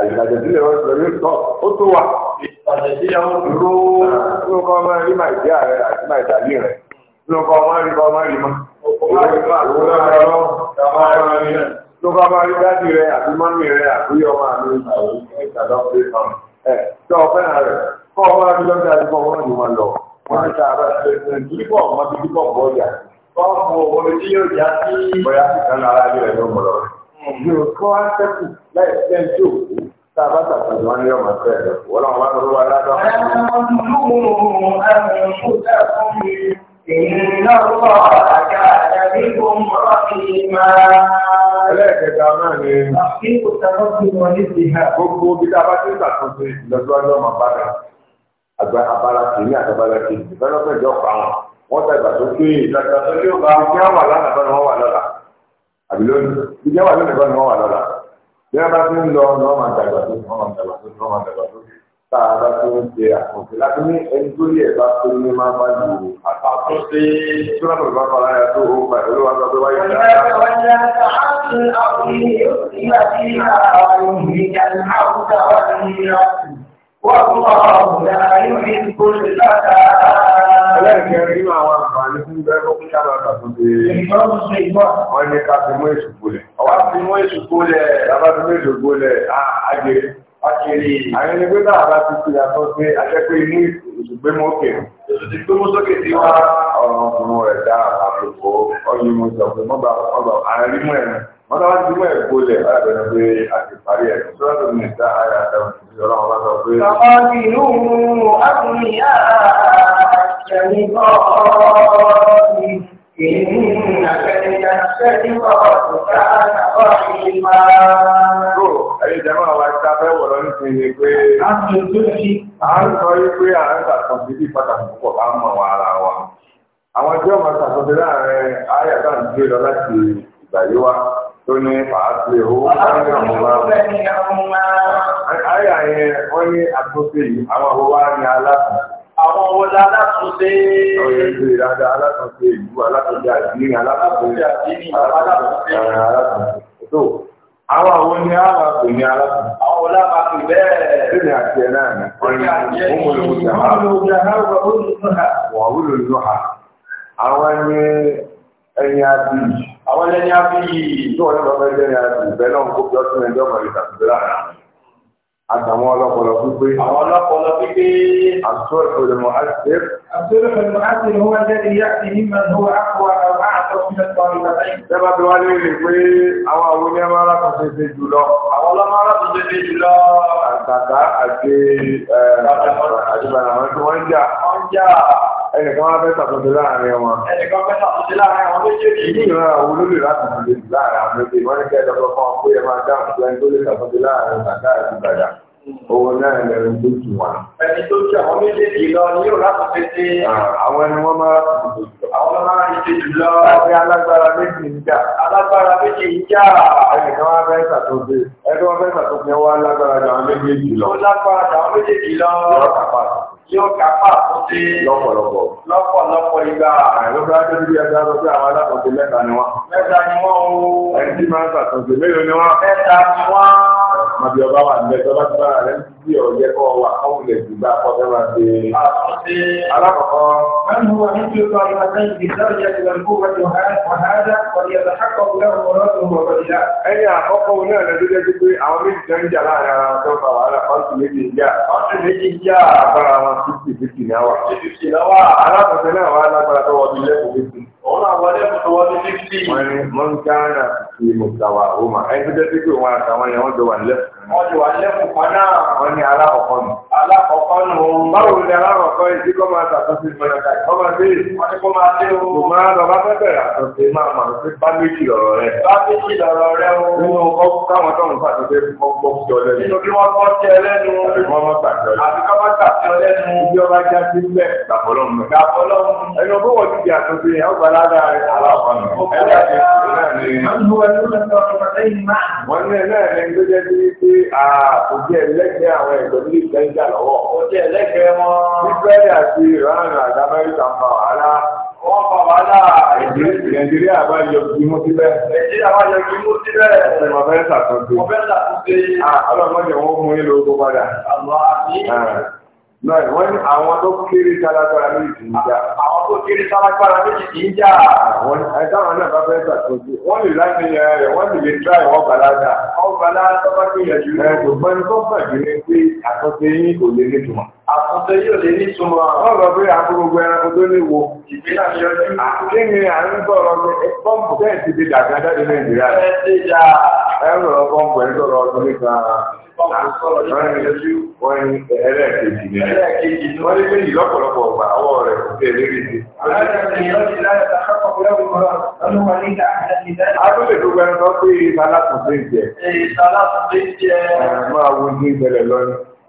àìsàjẹ̀ sílẹ̀ wọn sọ yóò tọ́ ó tó wà. ìtàjẹ̀ sílẹ̀ wọn dúró. ló kọ́ máa rí màìjẹ́ rẹ̀ àti màìjàlí rẹ̀ lọ́kọ̀ ọmọ rí ọmọ rí mọ́. Tó bá máa rí dájú rẹ̀ àti mọ́mí rẹ̀ fún ẹ̀. إن الله كان بكم رحيما ẹlẹ́ẹ̀kẹta náà ni. àfihàn ìtàkùn wọn ní ti hà. gbogbo bí tá a bá ti ń ṣàtúnṣe lọ́sọ́jọ́ máa bá dà àgbà abala kìíní àtàbàlà kìíní ìfẹ́lọ́fẹ́ ìjọ pa wọn wọ́n ta ìgbà tó pé ìtajà tó ní ọba bí wọ́n wà lánàá bá ní wọ́n wà lọ́la àbí lónìí bí wọ́n wà lónìí bá ní wọ́n wà lọ́la bí wọ́n bá ti ń lọ ni wọ́n máa dàgbà tó ni wọ́n máa dàgbà tó ni wọ́n máa dàgbà tó ni tá a bá tó ń ṣe àkànṣe láti ní ẹni tó yẹ bá tó ní máa bá lò ó. àtàkùn sí túnàbọ̀ bá fara ya tó ó pa ìlú wa lọ́dọ̀ wáyé dáadáa. ọ̀gá ọ̀gá àti àwọn ènìyàn ti wá sí àwọn ènìyàn àwùjọ wà nínú Ẹlẹ́ẹ̀kẹ́rin nínú àwọn àǹfààní fún bẹ́ẹ̀ fún ṣára àtàkùnlé. Wọ́n ní ká fi mú èṣù gbólẹ̀. Ọwá fi mú èṣù gbólẹ̀, lábá fi àkèrè àwọn ẹni pé náà bá ti ṣe àtọ́ pé àjẹ́pé inú ìṣùgbé mọ́kè ti tó mú sókè tí wá ọ̀rọ̀ ọ̀gbọ̀n rẹ̀ dá àpòpọ̀ ọyún mo sọ pé mọ́gbà ọgbà àárín mú ẹ̀rùn wọ́n náà ti mú ẹ̀kọ́ lẹ̀ alábẹ̀rẹ̀ pé a ti parí ẹ̀ sọ́dọ̀ tó ní ìta àyà àtàwọn ìṣẹ̀lẹ̀ ọlọ́run bá sọ pé. ọmọ ti inú إنك لتهتدي ربك رحيما ẹ̀yin jẹ́mọ́ wa àwọn ọmọ láàrin ayàtà ń gbé lọ láti ìgbà tó ní ọmọ wa ayà yẹn wọ́n ní àtúnṣe yìí àwọn wa ní àwọn ọwọ́lá alátúnṣe. Àwọn ìlú ìrádá alátúnṣe ìlú alátúnṣe àdínì alátúnṣe àdínì alátúnṣe. Tó àwọn àwọn ní àwọn àpò ní alátúnṣe. Àwọn ọlá máa fi bẹ́ẹ̀. Bẹ́ẹ̀ni àti ẹ̀ náà ni. Ọ̀rẹ́ àti ẹ̀ ní ìlú ìjàmbá. Wọ́n wúlò nínú ha. Àwọn ẹni ẹni àbí. Àwọn ẹni àbí yìí. Tó wọn ní bàbá ẹni àbí. Bẹ́ẹ̀ náà ń kó fi ọtún ẹjọ́ mọ̀ àtàwọn ọlọ́pọlọ pípé. àwọn ọlọ́pọlọ pípé. àṣọ ìfòlùmọ̀ àṣẹ. àṣọ ìfòlùmọ̀ àṣẹ ni wọ́n jẹ́ ìyá ti ní mẹ́rin wọ́n àkọ́ àwọn àtọ́sílẹ̀ sọ̀rọ̀ ìgbàlẹ́. ṣẹ́bà tí wọ́n lè rè pé àwọn àwọn oní ẹ̀rọ alákòóso ṣe jù lọ. àwọn ọlọ́mọ alákòóso ṣe jù lọ. àtàkà àti àdìbànà wọn tí wọ́n ń jà. wọ́n ń jà. ẹnìkan wọn fẹ́ ṣàtúnṣe láàrin wọn. ẹnìkan fẹ́ ṣàtúnṣe láàrin wọn méjèèjì. ìdí ìran àwọn olólè láti ṣàtúnṣe láàrin àwọn méjèèjì. wọ́n ní kẹ́ ẹ lọ́kọ̀ọ́kan pé ẹ máa dáhùn sí ẹni tó lè ṣàtúnṣe láàrin bàtà àti bàdà. Owó náà lẹ ń dójú wa. Ẹni tó jẹ́ àwọn méjèèjì lọ ní yóò láti pété. Àwọn ẹni wọ́n máa ń àwọn máa ń ṣe jù lọ. Láti alágbára méjì ń jà. Alágbára méjì ń jà. Ẹnìkan wá fẹ́ ṣàtúnṣe. Ẹni wọ́n fẹ́ ṣàtúnṣe wá lágbára jà àwọn méjèèjì lọ. Ó lágbára jà àwọn méjèèjì lọ. Yọ kápá. Yọ kápá tó ṣe. Lọ́pọ̀lọpọ̀. Lọ́pọ̀lọpọ̀ ìgbà. Àìlọ́gbà tó ti di ẹja lọ sí àwọn alákòóso mẹ́ta ni wọ́n. Mẹ́ta ni àmọ́ bí ọba wà nílẹ̀ tọ́ba ti bára rẹ̀ ń bí ọ̀yẹ́ kọ́ wà káwọn lè dùgbà kọ́ fẹ́ máa ṣe. alákọ̀ọ́kọ́. mẹ́nu wà ní kíló bá yọ sẹ́yìn bí sẹ́yìn yẹn ti lọ kó wọ́n ti wàhálà kọ̀ọ̀dì ẹ̀dá kákọ̀ ọ̀gbẹ́ ọ̀rọ̀ ọ̀rọ̀ ọ̀rọ̀ ọ̀rọ̀ ẹni àkọ́kọ́ wọn náà lọ́dún lẹ́dún pé àwọn méjì tó ń jà láàrin ara wọn tó ń wọ́n ń kára sí mùsàwà ọmọ ẹgbẹ́ tí pé wọn àtàwọn yẹn wọ́n jọ wà lẹ́fún. wọ́n jọ wà lẹ́fún kan náà. wọ́n ní alákọ̀ọ́kọ́ nù. alákọ̀ọ́kọ́ nù. báwo ni alákọ̀ọ́kọ́ yìí tí kò máa ṣàtúnṣe ìmọ̀lẹ̀ ká kọ́ máa dé. wọ́n ti kó máa dé o. kò máa lọ bá fẹ́ bẹ̀rẹ̀ àtúnṣe máa mà sí bá méjì lọ̀rọ̀ rẹ. bá aládàáre aláàbọ̀nà. Ẹgbẹ́ àti ìṣẹ̀lẹ̀ náà ni. Wọ́n ní ni ló jẹ́ bí pé àkójẹ́ ẹlẹ́gbẹ́ àwọn ẹ̀gbẹ́ ní ìgbẹ́ ń jà lọ́wọ́. Òjẹ́ ẹlẹ́gbẹ́ wọn. Bíbélì àti ìrànà àti Amẹ́ríkà ń fa wàhálà. Wọ́n fa wàhálà. Nàìjíríà bá yọ gbimú síbẹ̀. Nàìjíríà bá yọ gbimú síbẹ̀. Mo fẹ́ ṣàtúnṣe. Mo fẹ́ ṣàtúnṣe. Ọlọ́mọdé wọn mú yín lóko padà. Àlọ́ àbí náà wọ́n ní àwọn tó kéré sálágbára méjì kì í jà. àwọn tó kéré sálágbára méjì kì í jà. àwọn ẹ̀dáwọn náà bá fẹ́ ṣàtúnṣe wọ́n lè láti yẹ ẹ̀ wọ́n sì lè tíra ìwọ́n bàlágà. ọ̀hún bàlágà tó bá kéèyàn jù lọ. ẹ̀ tó bàjẹ́ ni pé àtúnṣe yín kò lè nítumọ̀. àtúnṣe yín ò lè nítumọ̀. wọ́n lọ pé àkókò ẹranko tó ní wo. ìgbéyàwó yọjú. kí wọ́n ní ẹlẹ́ẹ̀kejì ní ẹlẹ́ẹ̀kejì ní wọ́n ní méjì lọ́pọ̀lọpọ̀ ọ̀gbà ọwọ́ rẹ̀ kò tẹ̀ lérí sí. Adúlé tó gbẹ́nu lọ sí Sálá Fùdé jẹ. Sálá Fùdé jẹ.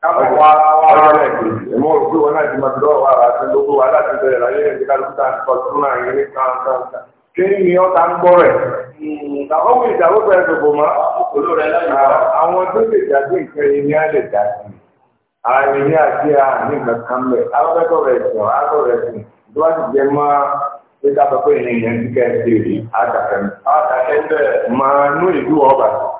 ọjọ́ lẹ́ẹ̀kejì ẹ̀mọ́ òkú wọn náà ti máa ti lọ́wọ́ ara àti gbogbo wa láti bẹ̀rẹ̀ láyé ẹ̀ nígbà tó ń kọ́ tó náà yẹn ní kankan. kí ni ọ̀tá ń gbọ́ rẹ̀? ọ̀hún ìdàgbò bẹ̀rẹ̀ gbogbo mọ́. àwọn tó lè dàbí nǹkan yìí ni a lè dàbí. ààrẹ ní àti àní kankan mẹ́ alábẹ́tọ̀ rẹ̀ sùn alábẹ́tọ̀ rẹ̀ sùn tó bá ti jẹ mọ́ pé ká sọ pé ènìyàn ti kẹ́ ẹ̀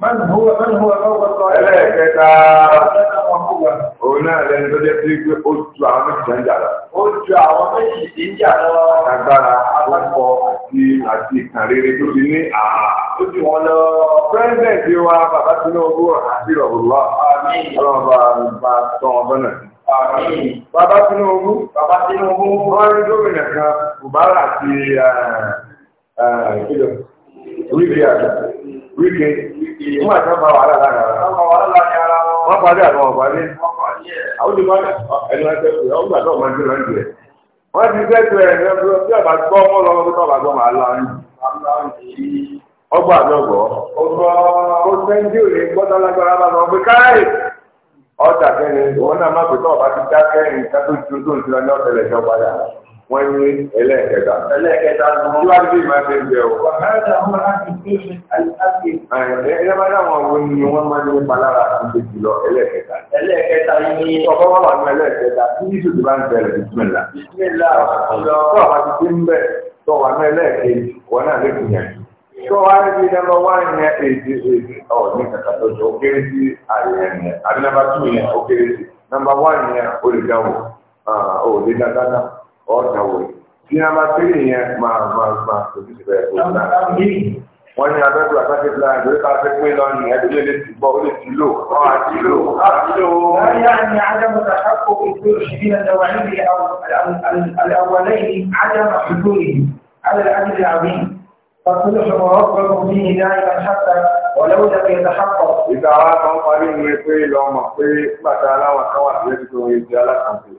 من هو من هو أول قائل ẹlẹ́ẹ̀kẹta òun náà lẹni tó jẹ́ pé pé ó ju àwọn méjì ń jà lọ. ó ju àwọn méjì ń jà lọ. agbára àkókò àti àti ìtàn rere tó ti ní àhà. ó ti wọn lọ. pírẹsidẹ̀ntì wa bàbá Tinubu àti ìrọ̀lọ́ ọlọ́ọ̀bà bá tọ́ ọ bọ́nà sí. Bàbá Tinubu, bàbá Tinubu, wọ́n rí gómìnà kan, Bùbárà àti ìpínlẹ̀ eh, eh, Orílẹ̀-Èdè. wíkẹ́ fún bá wàhálà lára rà wọn parí àwọn ọ̀parí àwọn olùkọ́ ẹni wọn tẹ ọ gbà tó ọjà náà wọ́n ní ẹlẹ́ẹ̀kẹta. ẹlẹ́ẹ̀kẹta ló ń wá bí màá ṣe ń bẹ̀ o. àgbàdo àwọn akéwì àti. ẹlẹ́bàdà àwọn ọ̀gbìn ni wọ́n máa ń nípa lára àtúnṣe jùlọ ẹlẹ́ẹ̀kẹta. ẹlẹ́ẹ̀kẹta ni. ọkọ wọn wà ní ẹlẹ́ẹ̀kẹta tí yíṣu ti bá ń bẹ̀rẹ̀ bisimilá. bisimilá ọ̀sán. tó àwọn ti ti ń bẹ̀ tó wà ní ẹlẹ́ẹ̀kejì wọn náà lè gbìyànjú. tó wá ní bíi nọ́mbà wá ní èdè èdè ọ̀ ní kàkà tó jọ ó kéré sí àyẹ̀yẹ̀ ní àdínábà tù yẹn ó kéré sí nọ́mbà wá ní olùdáwò ò lè dáadáa ọ̀dàwọ̀ tí a máa tẹ́lẹ̀ yẹn máa máa máa tòjú sí bẹ́ẹ̀ kó náà. wọ́n ní abẹ́tù àtàkì fúlà ìdórí ká fẹ́ pé lọ́nà ẹgbẹ́ lè ti bọ́ ó lè ti lò ọ́ àti lò àti lò. wáyà ni ádámù tàkàkọ̀ òkú òṣìṣẹ́ ìdáwà níbi àwọ̀lẹ́yìn ádámù àfikúrì alẹ́lájì àwìn فصلح ربكم فيه دائما حتى ولو لم يتحقق. إذا أردت أن أقول لهم أقول لك أنا وأنا أقول لك أنا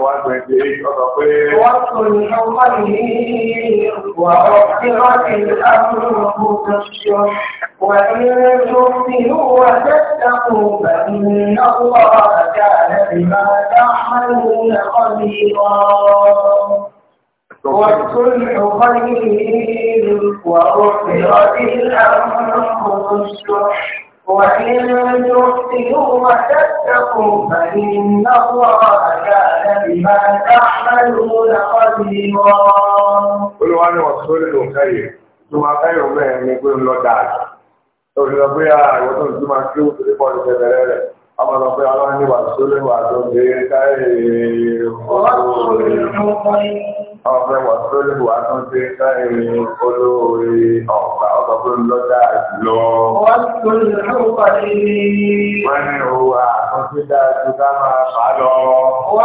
الدين خطفين وكل الأمر الشح وإن تحسنوا وتتقوا فإن الله كان بما تعملون خبيرا والصلح خير وأحضرت الأنفس الشح وإن تحسنوا وتتقوا فإن الله كان بما تعملون خبيرا. قل وأنا رسول كريم ثم خير من يقول له تعالى. Tó fi lọ pé àwọn tó ń túmọ̀ sí Ọmọdé pé ọlọ́run ní wàásù lẹ́wà tó gbé káyèrè ọ̀pẹ́ wàásù lẹ́wà tó gbé káyèrè olóore ọ̀pá ọ̀pá tó ń lọ́jà lọ. Wọ́n ní owó àtúntí dájú ká máa fà lọ.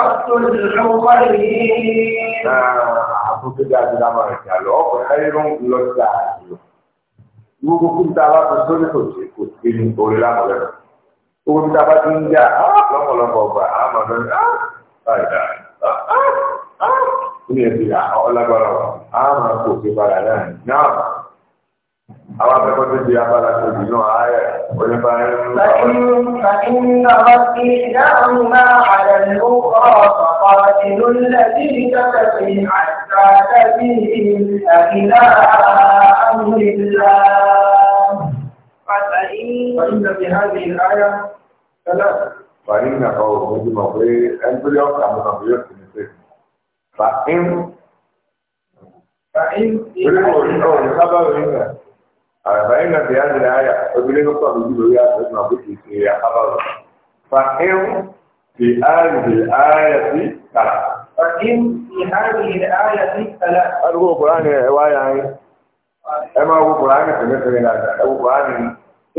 Àtúntí dájú ká máa jà lọ. Ọ̀pẹ́ káyèrè lọ́jà lọ. Gbogbo kúta alákòóso ní kò owó tí tábà ti ń jà lọ́pọ̀lọpọ̀ ọgbà àmọ̀dọ́ àìdá ní ẹ̀sìn ọlágbára wa àmọ̀ kò sí padà náà náà àwọn akẹ́kọ̀ọ́ tó di abala tó náà ayẹ onípa bá wọn. فإن ربي يعلم فإن في هذه الآية ثلاثة فإن قوم مجمع في أنزل يوقع مطبيات في نسيك فإن فإن فإن في هذه الآية أبني نقطة بجيب يا سيدنا بكي في حضر فإن في هذه الآية ثلاثة فإن في هذه الآية ثلاثة أرجو القرآن رواية ẹ máa wo kùránì tẹ̀lẹ́tẹ̀lẹ́ dáadáa ẹ wo kùránì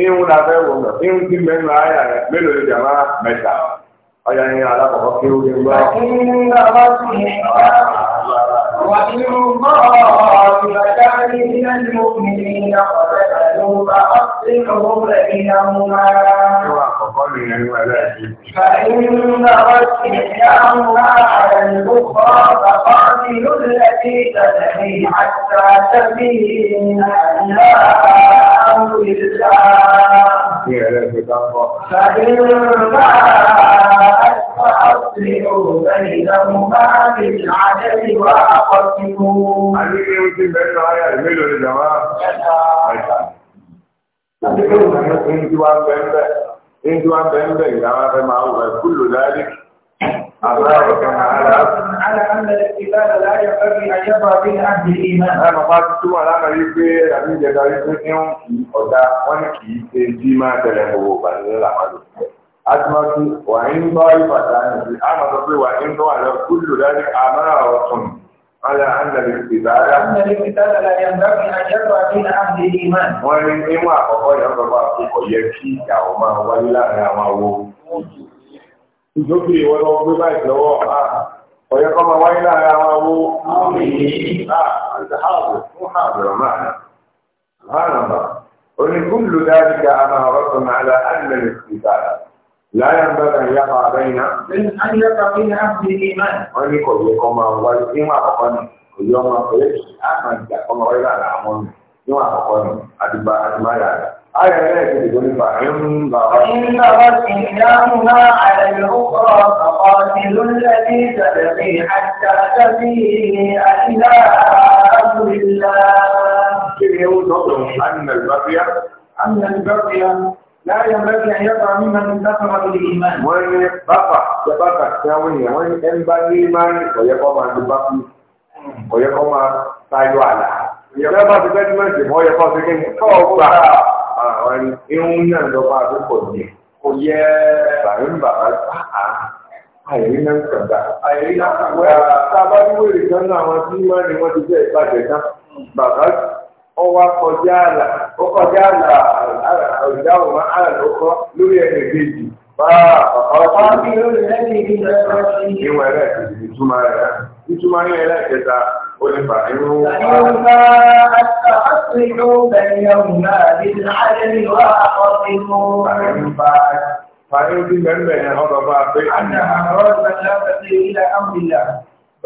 ìhun la fẹ́ wò lọ ìhun ti mẹ́nu ayà rẹ̀ mélòó ni jàmá mẹ́ta ọ̀yà ni alákọ̀ọ́kọ́ kí ó yẹ gbọ́. ومن الله فكان من المؤمنين قتلوا فأصلهم بينهما فإن بغت على البخار فقاتلوا التي تدعي حتى تبين أنها أمر الله فإن باءت وأصلحوا بينهما بالعدل وأقسموا. هذه يمكن بين آية ميلو للجماعة. انتوا بمبه انتوا بمبه يا جماعة كل ذلك أبراك على أن الاحتلال لا ينبغي أن يضع به أهل الإيمان. أنا قلت وأنا أريد أن أجد أريد أن أقول وأنا كي تجي ما تلهو بل لا أقول. أدمك وإن أن الأمر تطلع وإن على كل ذلك أمارة على أن الاقتتال أن الاقتتال لا ينبغي أن يرى دين أهل الإيمان وإن إما فقال يرضى يكفيك أو ما هو إلا ما هو يكفي ولو بما لو آه. ويقوم ويلا يا رب آمين آه. أنت حاضر مو حاضر معنا هذا ما وإن كل ذلك أمارة على أن الاقتتال لا ينبغي أن يقع بين أن يقع بين عبد الإيمان ونقول لكم والإيمان أقوى اليوم قلت أحمد يقوم غير على عمون يوم أقوى أتباع ما يعلم آية لا تقول فإن بغت إحداهما على الأخرى فقاتل التي تبقي حتى تفيء إلى أمر الله. كيف يقول أن البقية أن البقية لا ينبغي أن يقع ممن دخل بالإيمان وين بقى يبقى كاوية وين ينبغي الإيمان ويقوم عند البقي ويقوم تايو على ìjọba ti bẹ́ẹ̀ mọ̀ sí mọ́ yẹpọ̀ sí kéde kọ́ ọ gbà àwọn irun náà ló máa fi kò ní kò yẹ bàrún bàbá àá àìrí náà ń kàdá àìrí náà kàwé àtàbáwé ìjọ náà àwọn tí mọ́ ni wọ́n ti jẹ́ ọwọ́ kọjá àlà ó kọjá àlà ọ̀dà ọ̀mọ àlà ló kọ́ lórí ẹ̀rẹ̀ kejì. Ìwọ̀n ẹ̀rẹ́ kejì ìtumọ̀ rẹ̀ ìtumọ̀ rẹ̀ ẹ̀rẹ́ kẹta ó ní fàánú. Ìwọ̀nba àtàkùnrin ló bẹ̀rẹ̀ ọ̀nà àdínlá àdínlá wà àkọ́sí mú. Ìwọ̀nba فإن بمن هرب أنها رجل لا تدري إلى أمر الله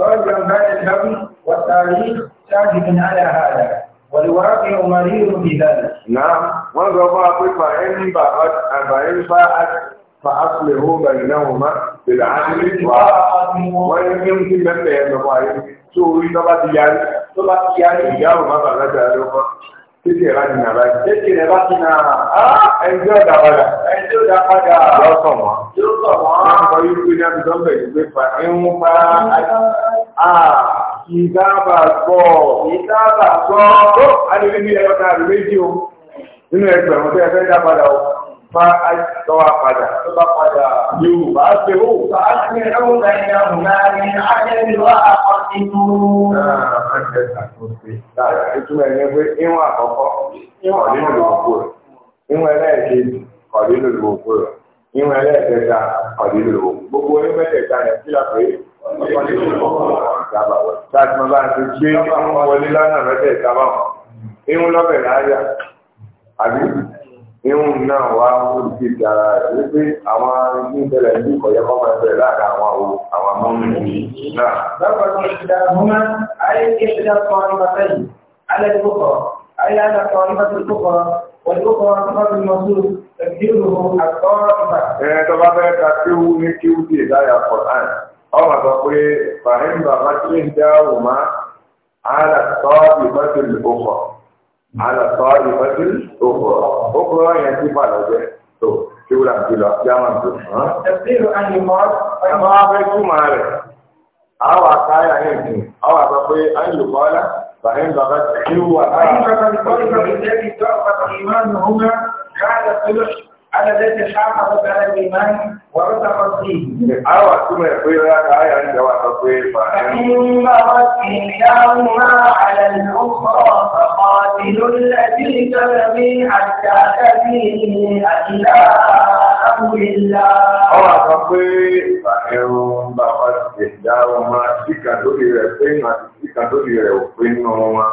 رجل بين الهم والتاريخ شاهد على هذا والواقع مريض بذلك نعم وضع فإن بغت فإن باءت فأصله بينهما بالعدل وإن يمكن أن تهدف سوري طبعا ديان طبعا ديان إجابة بغت ألوفا Títí ẹ̀rá ti nàrá yìí. Títí ẹ̀rá ti nàrá. Ẹjọ́ ọ̀dà padà. Ẹjọ́ ọ̀dà padà. Yóò sọ̀ wọ́n. Yóò sọ̀ wọ́n. Wọ́n ìdábà gbọ́ ìdábà gbọ́ tó adébí ní ẹ̀rọta rédíò nínú ẹgbẹ̀rún tó ẹgbẹ́ dá padà ó bá àìsọ́wà padà tó bá padà yóò bá ṣe ó bá ṣe ó lẹ́yìn àmúlá ní ayẹ́lú àkọsínú. ìtumọ̀ ẹ̀yẹ pé ìwọ̀n àkọ́kọ́ ìwọ̀n nínú ìwòkú rẹ̀ ìwọ̀n ẹlẹ́ẹ̀kejì ọ̀dínlòlùwòkú rẹ̀ ìwọ̀n ẹlẹ́ẹ̀kẹta ọ̀dínlòlùwòkú gbogbo onímẹ̀tẹ̀ẹ̀ta yẹn kí Ìjàmbá wọ̀. Táàtì máa bá a ti gbé wọlé lánàá mẹ́tẹ̀ ìjàmbá wọn. Irun lọ́bẹ̀ láyà. Àbí irun náà wá lórí ti ara rẹ̀ wípé àwọn ilé ìbẹ̀rẹ̀ ní ìkọ̀yẹ́ kọ́ máa láàrin àwọn àwo àwọn amọ́mí náà. Bákan náà ìdààmú máa ayé kí ayé àgbà kan ọmọ sọ pé fàhíńbà mákìlíńdà òmà alàtọ́ọ̀dì mọ́tìlì òkọ̀ alàtọ́ọ̀dì mọ́tìlì òkọ̀ òkọ̀ yẹn ti bà lọ́jẹ́ tó kí wúlà ti lọ sí àwọn tó. ẹ̀sìn àyìnbó ẹ̀mọ́ abẹ́ túmọ̀ rẹ̀ àwọn àkáyà yẹn ti àwọn àgbà pé ayélujára fàhíńbà mákìlíńdà òmà alàtọ́ọ̀dì mọ́tìlì òkọ̀ الذي حافظ على الإيمان ورزق فيه. أو أتم يقول لك آية عند وقفه فإن اليوم على الأخرى فقاتلوا التي تبغي حتى تبيع إلى أمر الله. أو أتقي فإن بغت إحداهما سكة لرسين وسكة لرسين وما.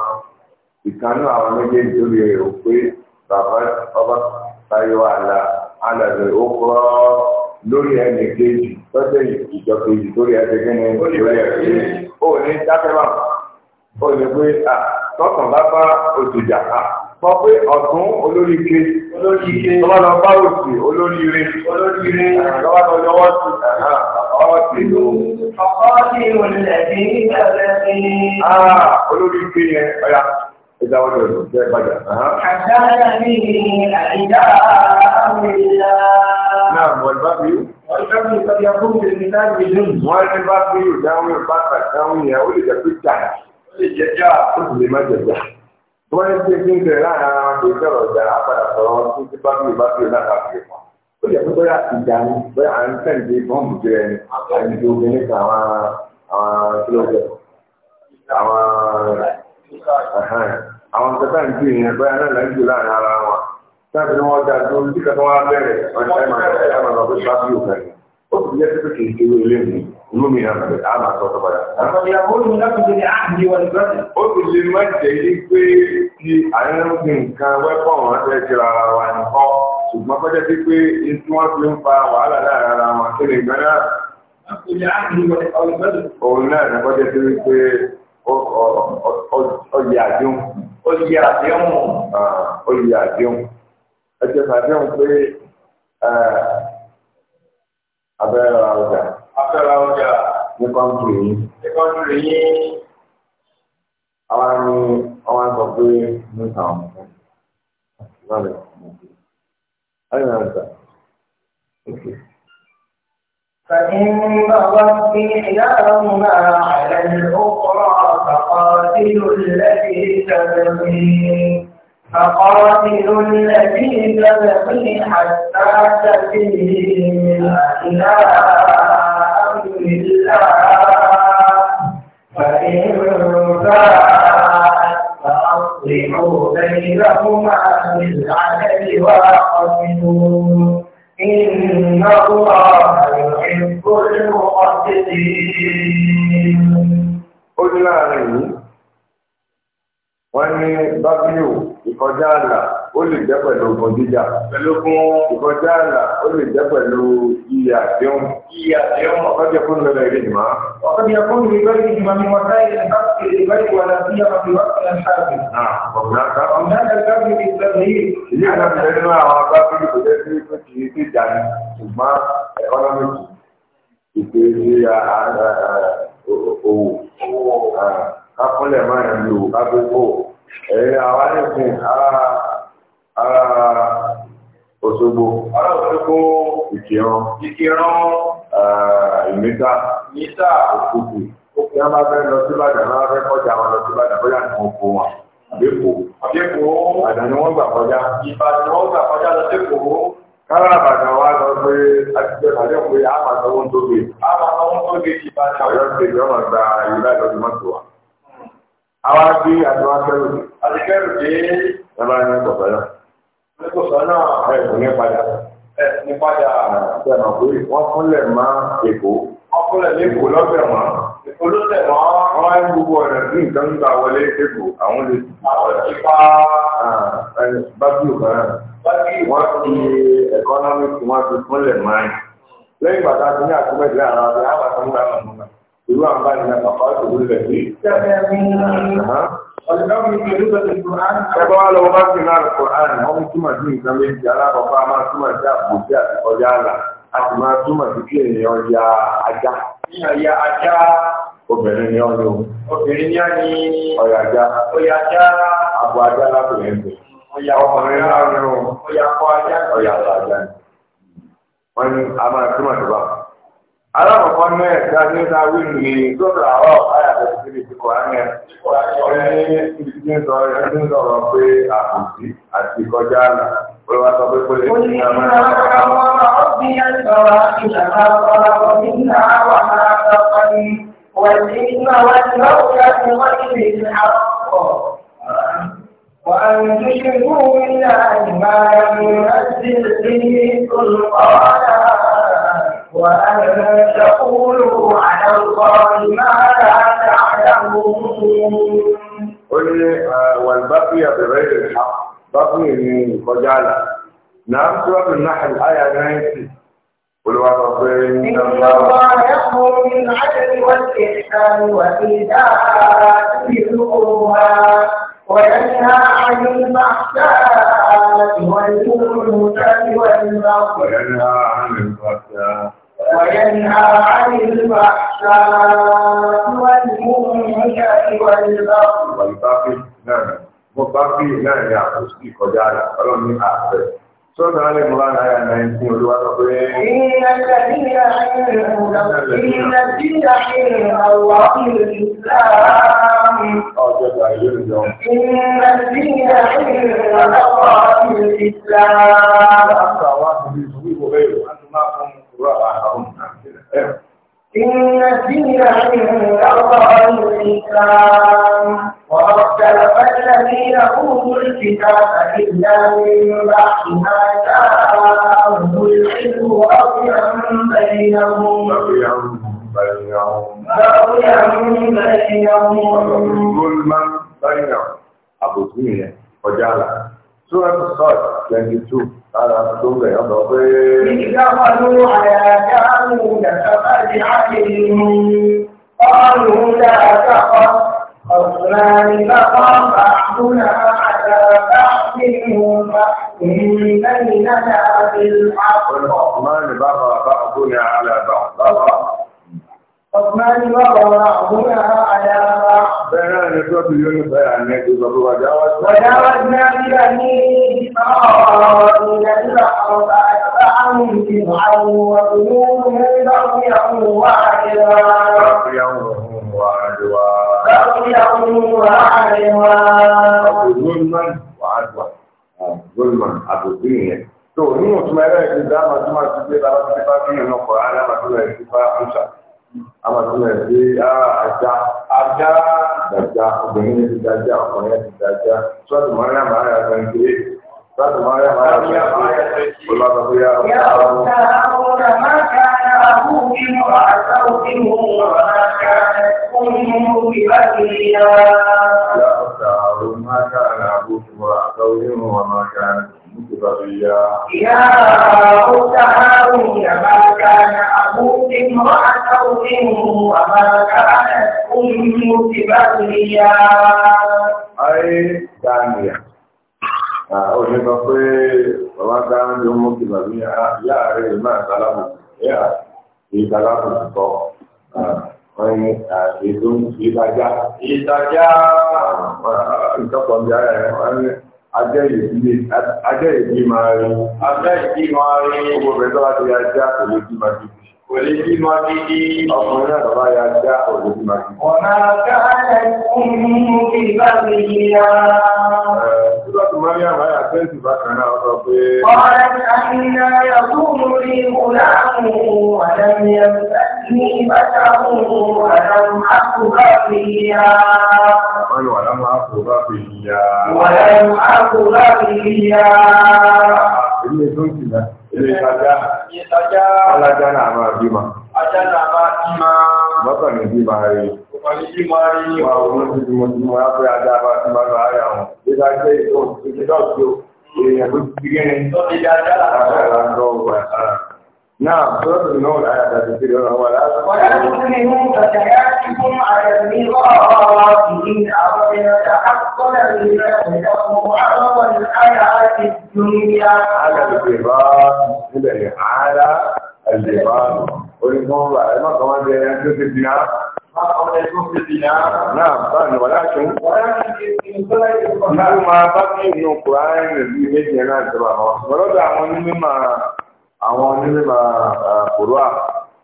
ìkànnì àwọn méjèèjì lórí rẹ̀ ò pé bàbá ọba táyọ̀ àlà alàbẹ̀ ó kọ́ lórí ẹni kejì tọ́jú ìjọ kejì lórí ẹni kejì lórí ẹni kejì ó ní dákẹ́ bá ó ní pé tọkàn bá bá òjòjà ká sọ pé ọ̀tún olórí ike olórí ike tọ́wọ́ lọ bá òsì olórí ire olórí ire tọ́wọ́ lọ yọwọ́ sí ọwọ́ sí ìlú. ọ̀pọ̀ sí ìwòlẹ̀ ní ìgbà bẹ́ẹ̀ ni. olórí ike yẹn ọ̀yà. إذا وجدوا زي بدأ حتى نعم والباب والباب قد يكون بالمثال بجنس والباب يداوي الباب الثاني ولد في التحت الججاع كل ما ججاع wọ́n ti fi ń bẹ̀rẹ̀ láàrin ara wọn tó sọ̀rọ̀ ìjà àpàdà sọ̀rọ̀ wọn tó ti bá bí àwọn tẹ́tà ń gbé yẹn báyà náà láì jù láàrin ara wọn táàbí ni wọ́n da tó ní kí wọ́n bẹ̀rẹ̀ ọ̀nà táìmà táìmà lọ fún sáfì òkè ó sì jẹ́ pípé kì í ṣe wọlé mi inú mi náà bẹ̀rẹ̀ á máa tọ́tọ́ padà. àtọ̀yàwó ni láti ṣe ní àdìyẹ wọn nígbà tí. ó sì lè má jẹ́ yí pé kí àyẹ̀wò nǹkan wẹ́pọ̀n wọn fẹ́ ṣe ara wa nìkan ṣùgbọ́n kọjá sí pé tí wọ́n fi ń fa wàhálà láàrin ara wọn kí ni gbọ́dọ̀. àtọ̀yàwó ni wọ́n ti oyè àdéhùn oyè àdéhùn oyè àdéhùn ẹjẹ sàdéhùn pé abẹ́rẹ́ ra ọjà. abẹ́rẹ́ ra ọjà. ní kọ́ńtù yìí. ní kọ́ńtù yìí. àwọn ni wọ́n sọ pé ní sàn án. أين أنت؟ فإن بغت إحداهما على الأخرى فقاتل الذي تبغي فقاتل الذي تبغي حتى تبغي إلى أمر الله فإن فاءت فأصلحوا بينهما بالعدل وأقسموا إن الله يحب المقسطين ó ní láàrin yìí wọ́n ní bábíò ìkọjá àlà ó lè jẹ́ pẹ̀lú ogun jíjà. pẹ̀lú ogun ìkọjá àlà ó lè jẹ́ pẹ̀lú iye àdéhùn. iye àdéhùn. ọ̀kọ́jẹ́ fún lọ́dọ̀ ìrìn ìmọ̀. ọ̀kọ́jẹ́ fún mi lọ́dọ̀ ìrìn ìmọ̀ mi wọ́n ká ilẹ̀ káàkiri ìbáyìí wà láti yàrá fi wá sílẹ̀ ṣáàbì. ọ̀gbìn àká. ọ̀gbìn àká káàkiri ìbẹ̀rẹ̀ yìí. ilé ìdájọ́ nínú àwọn abáfíì kò jẹ́ sí pé kì í sí ìjà ni ṣùgbọ́n owó kákúnlẹ̀ máa ń lò kágbógbò ẹ̀yìn àwa nìkan ara ara Òṣogbo ara Òṣogbo Ìkìrán Ìkìrán ìmíta ìmíta òkùnkùn òkùnkùn yẹn máa fẹ́ lọ sí Ìbàdàn máa fẹ́ kọjá wọn lọ sí Ìbàdàn bóyá nìkan kó wọn àbẹ́kọ̀ọ́ àbẹ́kọ̀ọ́ àdàní wọn gbà kọjá ìbàdàn wọn gbà kọjá lọ sí Èkó kára àbàdàn wa lọ pé àtijọ́ tàbí ọ̀pẹ àbàdàwọ́n tó gbé àbàdàwọ́n tó gbé ti bá ṣe ọ̀yọ́ ṣe gba ìlú láti ọdún mọ́tò wa. àwa gbé àtiwá kẹrù dé. dé. ẹ bá ní kọ̀ọ̀fẹ́ náà. ní náà. ẹ kò ní padà. ẹ ní padà. ṣe mọ̀ pé wọ́n fúnlẹ̀ mọ́ èkó. wọ́n fúnlẹ̀ ní èkó lọ́bẹ̀ èkó ló tẹ̀ mọ́. wọ́n ń wọ́n fi economics fi bàtà tó ní àwọn àti àwọn ìlú wa lọ́wọ́ bá fi náà lọ́kọ̀ wọ́n mú túmọ̀ sí nǹkan méjì alákọ̀ọ́kọ́ a máa túmọ̀ sí àbòsí àti ọjà àlà a sì máa túmọ̀ sí kí ènìyàn ya ajá. ajá. Obìnrin ni ní o. Obìnrin ọ̀yà ọkùnrin náà rẹ̀ a máa túmọ̀ náà ẹ̀ka ní ta wíìlì ní gbọ́dọ̀ àwọn ọ̀káyà tó ti di kíkọ́ ẹ̀ ọ̀rẹ́ ya ti ń sọ̀rọ̀ ẹ̀ ti ń sọ̀rọ̀ pé àkùnfí àti kọjá àná olùwà ẹ̀ وأن تشركوا بالله ما لم ينزل به سلطانا وأن تقولوا على الله ما لا تعلمون قل آه، والبقي بغير الحق بقي من خجالة نعم سورة النحل آية 90 قل إن الله يأمر بالعدل والإحسان وإيتاء ذي القربى وينهى عن الفحشاء والمنكر والبغي وينهى عن الفحشاء وينهى عن الفحشاء والمنكر والبغي والبغي نعم والبغي نعم يا أخي قد قال قالوا لي أحسن Sọ́dọ̀ alẹ́ mọ̀ lára ayà náà ń fún olúwa lọ pé. Ìrìnà ìrìnà ìrìnà ìrìnà ìrìnà àwọn ìrìnà Ọjọ́gbà ìlú ìjọ. Ìrìnà ìrìnà ìrìnà àwọn ìrìnà. Àkàwà ti bí ìwé ìwé, a ti máa fún ìwé àwọn àwọn ìrìnà. إن الدين عند الله الإسلام وما اختلف الذين أوتوا الكتاب إلا من بعد ما جاءهم العلم بغيا بينهم بغيا بينهم ظلما بينهم أبو سمية وجعل سورة الصاد 22 Ara tó bẹ̀ ọ̀dọ̀ pé. Ìjábàlú àyàjá ń mú. Ọrùn dàgbà ọ̀sùnrán lápá àbúrà àdàgbà nínú ìrìnlẹ́yìn náà àti àpò. Ọ̀nà bàbá Ọ̀gbẹ́ni bàbá àbúrò àyà bá. Bẹ́ẹ̀ náà ni tó ti yóò ní bẹ́ẹ̀ àná ètò ìgbàgbọ́ wàjá wá sí. Wàjá wá sí náà bí wà ní ọ̀rọ̀ ìrẹ̀lẹ̀ àwọn àyàbá àwọn ìdìbò àwọn ọ̀gbìn ní báwọn yàwó wà àdéwà. Báwọn yàwó wà àdéwà. Báwọn yàwó wà àdéwà. Goldman wà àdéwà. apa sí ajá ada ada obìnrin ti dàjà ọkùnrin ti dàjà sọ́ọ̀tù mọ́ríà máa yà fẹ́ ké sọ́ọ̀tù mọ́ríà máa yà fẹ́ ké olùwàsó fún yà ọ̀tá ọ̀hún. أرض وما كانت أمك بغيا أي دانية Àwọn òṣèlú pé ọba dáhùn ní ọmọ kí bàbí yáàrí ìmọ̀ àgbàlagbà yà ìgbàlagbà kọ wọ́n ní ètò ìdájá. Ìdájá. Ìjọpọ̀ bí ara ẹ̀ wọ́n ní ajẹ́ ìdí máa rí. Ajẹ́ ìdí máa rí. Gbogbo bẹ̀rẹ̀ tó bá ti ajá kò bí máa Òlé bí ma bí bí ọkùnrin náà bàbá ya já òlé bí ma bí. Ọ̀nà káàlẹ̀ fún mú bí bá mi yá. Ṣúgbọ́n tó máa ń yá máa yà fẹ́ sí bákan náà sọ pé. Ọ̀rẹ́ àìyá yàtúrú rí kùnàmù àdámi ní ìbátàmù àdámù àkùbá fi yá. Wọ́n lọ àdámù àkùbá fi yá. Wọ́n lọ àkùbá fi yá. Èmi tó ń kìlá ilé ìtajà alájá náà máa bímọ. ajá náà máa bímọ. bọ́tọ̀ ní bímọ rí. bọ́tọ̀ ní bímọ rí. wà á wọ́n ti bímọ tí mo rá pé ajá bá ti máa lọ àárẹ̀ àwọn. نعم سورة النور آية 33 ولا تؤمنوا فتياتكم على الميراث إن أردنا تحصنا لنفسكم عرض الحياة الدنيا على الرباط إذن على الرباط قل الله ما كمان بينزل الدنيا Náà báyìí wọlá ṣe ń kọ́. Ìlú máa bá kí inú Kùránì rí méjì náà jọba wọn. Bọ́lọ́dọ̀ àwọn onímọ̀ àwọn onílẹ̀bà kòrò à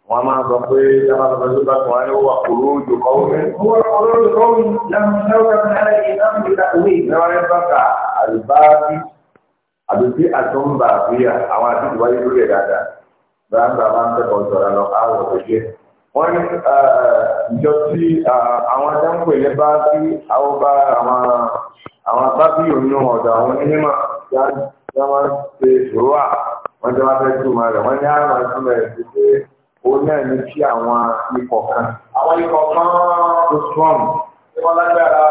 wọ́n máa sọ pé dábàá sọ pé lóba kan ayé wà kòrò òjò kọ́ omi. wọ́n kòrò òjò kọ́ omi lẹ́nu lẹ́wọ́n kan náà yìí náà mi ká ìwé ìgbẹ́wọ́n bá ka àlùbáàbí àdùtí àtúnbà àbíyà àwọn àti ìwáyé lórí ẹ̀ dáadáa gbàǹgbà máa ń tẹ̀kọ̀ sọ̀rọ̀ lọ àwọn òṣèṣe. wọ́n ní ìjọ tí àwọn adáńpè lè bá sí àwọn bá àwọn bábí òun náà ọ̀dọ̀ àwọn onímọ̀ tí máa ń ṣe ìṣòro à wọ́n jẹ́ wọ́n fẹ́ túmọ̀ rẹ̀ wọ́n ní àrùn àtúmọ̀ rẹ̀ sí pé ó náà ní kí àwọn ikọ̀ kan. àwọn ikọ̀ kan tó strong. tí wọ́n lágbára.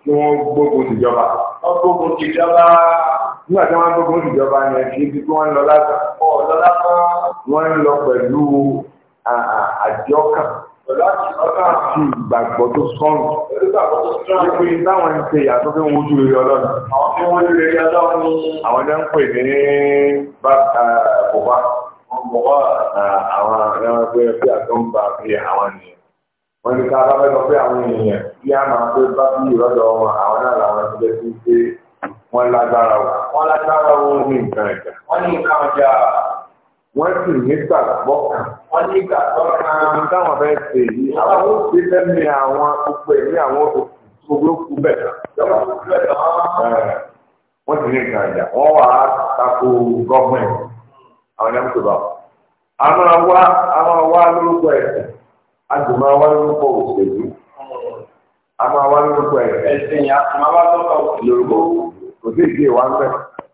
kí wọ́n gbógun tìjọba. wọ́n gbógun tìjọba. nígbà tí wọ́n gbógun tìjọba yẹn kí ibi tí wọ́n lọ lásán. ọ̀ lọ lásán. wọ́n ń lọ pẹ̀lú àjọkàn. Láti ìgbàgbọ́ tó sọ́run. Wípé táwọn ń ṣe ìyàtọ̀ tó ń wojú rere ọlọ́run. Àwọn tí wọ́n rere ọlọ́run ni. Àwọn ẹgbẹ́ ń pè ní bàbá. Àwọn ẹgbẹ́ pé àtọ́ǹbà pé àwọn ènìyàn. Wọ́n ní ká bá bẹ́ẹ̀ lọ pé àwọn ènìyàn bí a máa pé bá bí ìrọ́dọ̀ wọn àwọn náà làwọn ẹgbẹ́ tí ń pé wọ́n sì nígbàgbọ́ kan. wọ́n kan. táwọn fẹ́ ṣe yìí àwọn ó àwọn gbogbo ẹ̀mí àwọn bẹ̀rẹ̀. ìjọba bẹ̀rẹ̀ wọ́n ti ní wọ́n wà á tako gọ́ọ̀mẹ̀ntì àwọn ẹ̀mí tó bá a máa wá a máa wá lórúkọ ẹ̀sìn a máa wá lórúkọ òṣèlú a máa wá lórúkọ ẹ̀sìn. ẹ̀sìn yà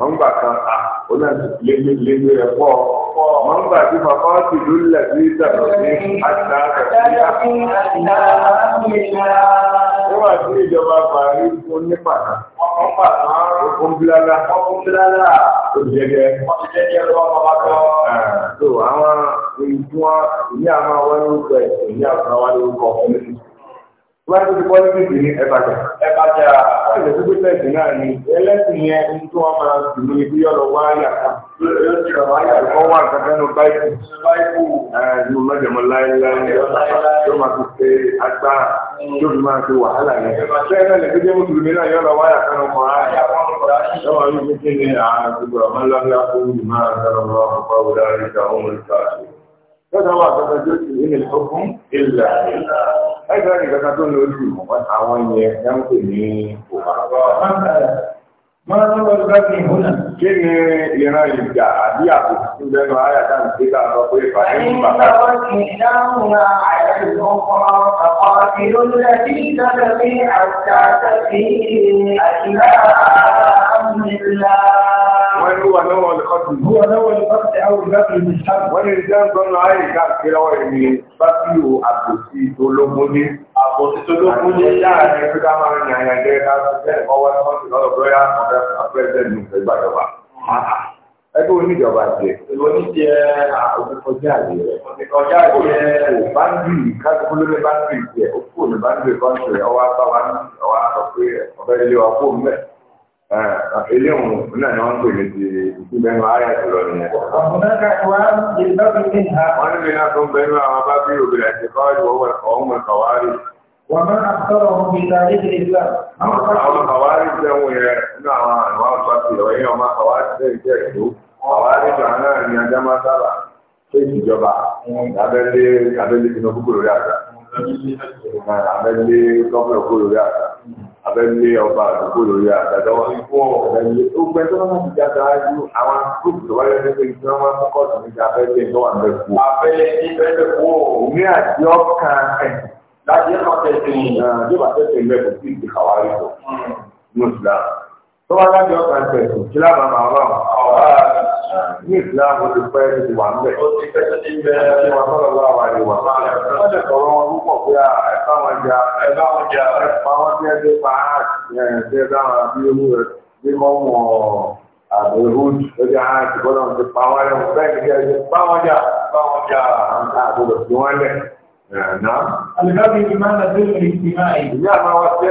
mọ̀ngbà kan a ó náà ti léle ẹ̀pọ̀ mọ̀ngbà tí bàbá ti ló lẹ̀ sí ìdàgbà ní àṣà àkàtúnyà. nígbà tí ìjọba bàárí fún ní pàtà wọ́n pàtà fún bílálà fún bílálà olùjẹ́jẹ́ olùjẹ́jẹ́ lọ́wọ́ bàbá kan. tó àwọn ìtumọ̀ ìyá máa wá lórúkọ ẹ̀sìn ìyá máa wá lórúkọ ọ̀fẹ́ wọ́n ti kọ́ níbi ìdí ní ẹ̀bàjà. ẹ̀bàjà wọ́n ti gbé tẹ̀sí náà ni ẹlẹ́sìn yẹn ń tó wọn máa dùn ní ibi yọ̀lọ̀ wáyà kan. yóò ti rọ̀ wáyà kan. ọwọ́ àgbàdo nù báyìí. báyìí. ẹ ní mo mẹ́jọ mọ láéláé yóò máa fi ṣe agbá yóò fi máa ṣe wàhálà yẹn. bẹ́ẹ̀ náà lẹ́gbẹ́ jẹ́ mùsùlùmí náà yọ̀lọ̀ wáyà kan ọmọ ayà. yọ̀wọ̀ yóò fi kí ni àgbègbè lọ́dọ̀ wà tọ́tọ́ tó ti rí nílẹ̀ fún ìlà ìlà ẹgbẹ́ ìgbàkan tó lórí ìmọ̀ àwọn yẹn dáhùn pè ní òmà. Máa ń lọ bá ní ìhúnà. Kí ni ìran ìjà àbí àkókò tí lẹ́nu ayà dáhùn sí ká lọ pé ìpàdé ń bàbá? Àyè lọ́wọ́ kì í dáhùn àyà ìgbọ̀nkọ́ ọ̀pọ̀ ìrọ̀lẹ́ bí ìdájọ́ bí àṣà àtàkì àṣìlá àmìlá. Wọ́n ní wà lọ́wọ́ lọ́kọ̀tù. Wọ́n lọ́wọ́ lọ́kọ̀tù àwọn ìgbàgbé ní sáà. Wọ́n ní ìjọ́ ń gbọ́n àbòsítò ló kún ní láàrin pé ká ọwọ́ tí ti lọ́dọ̀ bóyá ọ̀rẹ́ àpẹẹrẹ nù ẹgbà ẹgbẹ́ oníjọba jẹ. oníjẹ òkúkọjá rẹ. òkúkọjá rẹ. báńdì kájúkú ló ní báńdì jẹ òkú ní báńdì kọ́ńtì rẹ ọwọ́ àtàwọn ọwọ́ àtọ̀ pé ilé wa mẹ́. Eh, ilé òun náà ni wọ́n pè ní ti ìsúbẹ́nu ayé ìlọ nìyẹn. ọ̀pọ̀lọpọ̀ ìwà ìlọ́bí ní ìhà. wọ́n ní mi náà tó ń bẹnu àwọn bá bí òbí àti kọ́ọ̀lù ọ̀hún kàwárí. wọ́n bá àtọ́rọ̀ ohun ìta nídìí ìlà. àwọn kàwárí jẹ́ òun yẹn nínú àwọn àwọn àgbàtì ọ̀yẹ́ ọmọ kàwárí jẹ́ ìjẹ́ ìlú. kàwárí jọ náà ni ajá máa sábà ṣe ìjọba abẹ́lé abẹ́lé tinubu kúrò rí àgbà abẹ́lé gọ́ọ̀mù abẹ́lé ọba àdúgbò lórí àgbàdo wọn. Ẹ̀yẹ tó gbẹ tó máa ti jáde ájú àwọn gúrùpù tó wáyé nípa ìdí wọn máa ń kọ́ sí níta abẹ́lé tó wà bẹ́ẹ̀ kú. Abẹ́lé ní bẹ́ẹ̀ kú ò ní àti ọkàn ẹ̀ láti ẹ̀kọ́ tẹ̀sí ní ìjọba tẹ̀sí ìlú ẹ̀kọ́ sí ìdí àwárí tó. Mùsùlùmí. Hmm. Tó bá láti ọkàn tẹ̀sí kí lábàá máa wà ní ìsìláàmù ti pẹ́ ti ti wà níbẹ̀. ó ti pẹ́ ti bẹ́ ẹ ti wà sọ́dọ̀ lọ́wọ́ àwọn àríwá. wọ́n lè sọ̀rọ̀ wọn púpọ̀ pé ẹ̀ka wọn jà ẹ̀ka wọn jà ẹ̀ka wọn jẹ́ bí pa ẹ̀ẹ́dẹ́ dáhùn bí ewu rẹ̀ bí mọ́ wọn àbẹ̀wò lórí àwọn àtìgbọ́dọ̀ ti pa wọn lẹ́wọ̀n bẹ́ẹ̀ ni kí ẹ pa wọn jà pa wọn jà àwọn àbúrò tí wọ́n lẹ̀. Àlùbábí ni máa ń lọ sí ìrìn ìsìn náà. Ìyá máa wá sí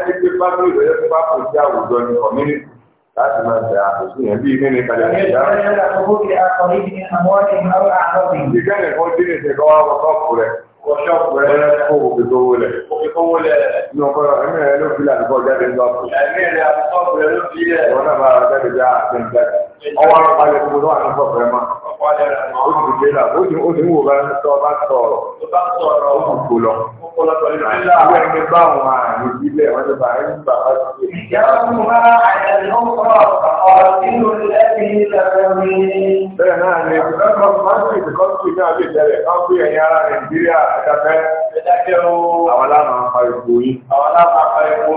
ẹ́ láti máa bẹ̀rẹ̀ àkókò yẹn bí ní ọ̀pù. ẹ̀mí rẹ àtúntọ́pù rẹ ló fi rẹ̀. ìwọ bá ara jáde já àtẹn jáde. ọwọ́ apalẹ̀ ó sì ti Àwọn ẹni bá wọn àrùn aláàmà ń ipò yín. Àwọn aláàmà ń ipò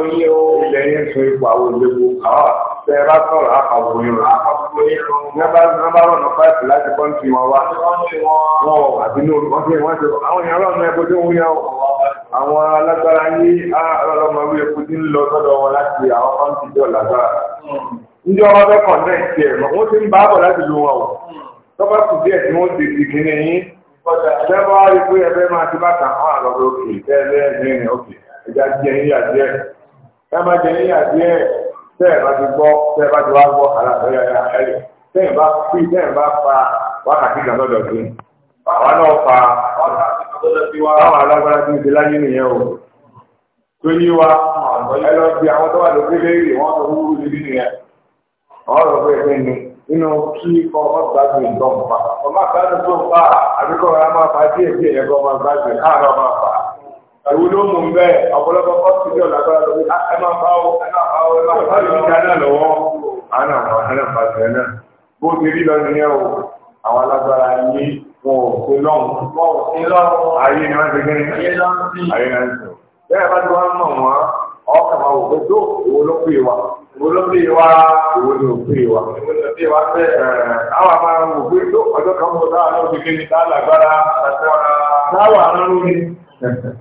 yín o. Ilẹ̀ yín sọ ipò àwọn òlebo. Àwọn tẹ ẹ bá sọ̀rọ̀ àpapọ̀ irun nígbà rọ̀nà páìpù láti kọ́ńtì wọn wá wọn àti ní olùkọ́sí wọn ṣe àwọn èèyàn rọ̀nà ẹ̀kọ́ tó ń wúyà o àwọn alágbára yí ọlọ́mọwé epo tí ń lọ sọ́dọ̀ wọn láti àwọn kọ́ńtì jọ lágbára níjọ́ wọn fẹ́ kàn náà tiẹ̀ mọ̀ wọ́n ti ń bá bọ̀ láti lu wọn o tọ́pẹ́ kù díẹ̀ tí wọ́n ti di kíní yín ṣẹ́fọ́ wá rí pé ẹgbẹ́ máa ti bá kàn án àlọ́ òkè tẹ́lẹ̀ ẹ̀mí òkè ẹ̀já jẹ́ yíyà díẹ̀ ẹ má jẹ́ yíyà díẹ̀ tẹ́ẹ̀ bá ti gbọ́ tẹ́ẹ̀ bá ti wá gbọ́ bá fi tẹ́ẹ̀ bá fa wákàtí kan lọ́dọ̀ sí bàbá náà fa báwa alágbára tí nìyẹn o tó wa ẹ lọ bí àwọn tó wà wọn níbí nìyẹn ni nínú kí ọmọ tó ń fa ẹ̀wù ló mú bẹ́ẹ̀ ọ̀pọ̀lọpọ̀ kọ́ọ̀tù ní ọ̀làgbára lórí ẹ máa bá ọ ẹ máa bá ọ ẹ máa bá ọ ìjà náà lọ́wọ́ àná àwọn àná bàtẹ̀ náà bó ti rí lọ nìyẹn o àwọn alágbára yìí wọn ò ṣe lọ́hùn ayé ni wọ́n ti gbé ayé náà sọ bẹ́ẹ̀ bá ti wá mọ̀ wọ́n ọkàn máa wò pé tó òwò ló pè wá òwò ló pè wá òwò ló pè wá òwò ló pè wá pé àwọn máa wò pé tó ọjọ́ kan mọ̀ táwọn náà ti gbé ní táwọn alágbára táwọn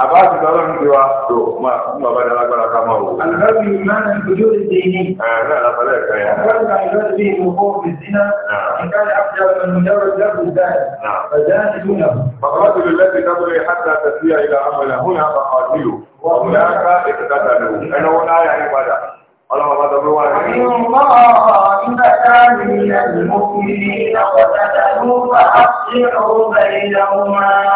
àbáàtì tọ́lọ́ ń gbé wa tó máa ń bàbá dá lágbára ká máa wò. àlùbáwí máa ń dojú ìdè ní. ẹ̀ẹ́n náà lápẹ́lẹ́ ẹ̀ka yẹn. àbáwí máa ń dojú ìdè ní owó ìdínà. nǹkan àbújá ọ̀nà yọrọ jáde dáì. ọ̀já ti dùn náà. bàbá tó lè lẹ́sìn kábọ̀lẹ̀ hàtà tàbí àyíká àmọ̀lẹ̀ hún yà bàbá àdúyò. wọ́n yà ká ètùkàtà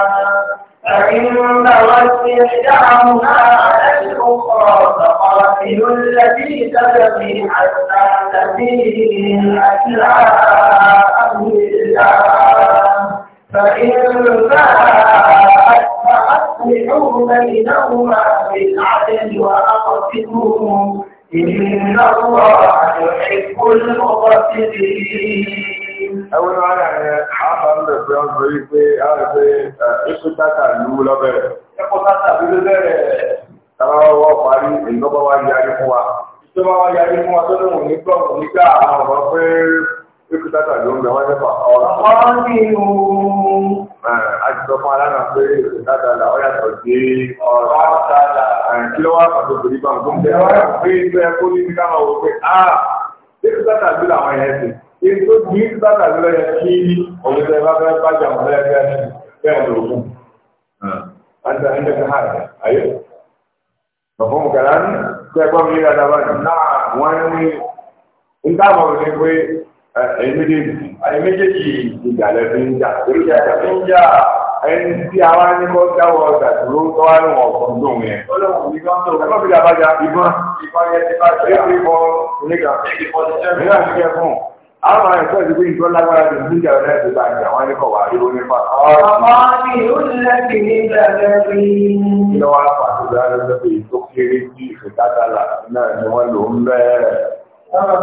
yà فإن ربك دعوها على الأخرى فقاتل التي تبغي حتى تبيه أتلاء أمر الله فإن فأصلحوا بينهما بالعدل وأقسموا إن الله يحب المقسطين ẹwọ́n ní wọ́n yẹn àbá ń bẹ̀ fún ọ̀sán yìí pé a rẹ̀ pé ẹ̀kú tata lù ú lọ́bẹ̀rẹ̀. ẹ̀kú tata lù ú lọ́bẹ̀rẹ̀. táwọn ọwọ́ parí èyí lọ́bọ̀ wá yarí fún wa. tó bá wá yarí fún wa tó ní òní gbọ́ òní ká àwọn ọ̀rọ̀ pé ẹ̀kú tata lù ú lọ́wọ́ nípa ọ̀rọ̀. wọ́n ní o. a ti sọ fún aláǹà pé ẹ̀kú tata là ọ yàtọ̀ sí ọ̀rọ̀ tata. kí ló wá pàtó ètò ní bàbá lọ́yẹ kí ọ̀gbẹ́sẹ̀ bá fẹ́ bájà mọ́ lẹ́yẹ kí ẹni bẹ́ẹ̀ lò fún àti ẹni kan hà ayé ọ̀fọ́ mu kàrá ní kí ẹ̀kọ́ mi yíra dábàá ní náà wọ́n ní ń dábọ̀ ní pé ẹ̀yìn méjèèjì ẹ̀yìn méjèèjì ìjà lẹ́bi ń jà èyí àjà fi ń jà ẹni tí a wá ní kó dáwọ́ ọjà dúró tó wá ní wọn ọ̀gbọ́n tó yẹn. ọlọ́run ìgbọ́n tó ẹ̀kọ́ fi dàbájá ìgbọ́n ìgbọ́n yẹn ti bá ṣe é. èyí ti bọ́ nígbà nígbà ti kẹ́ fún un àwọn ẹ̀kọ́ ìdíkú ìjọ lágbára tó ní ìjà ọ̀dá ìjọba ni àwọn ẹ̀kọ́ wà rí oní ọmọ mi ò lẹ́bi ní rí. kí ló wá fà tó bá lọ lọ́pọ̀ èyí tó kéré bí náà ni wọ́n lò ń bẹ́ẹ̀.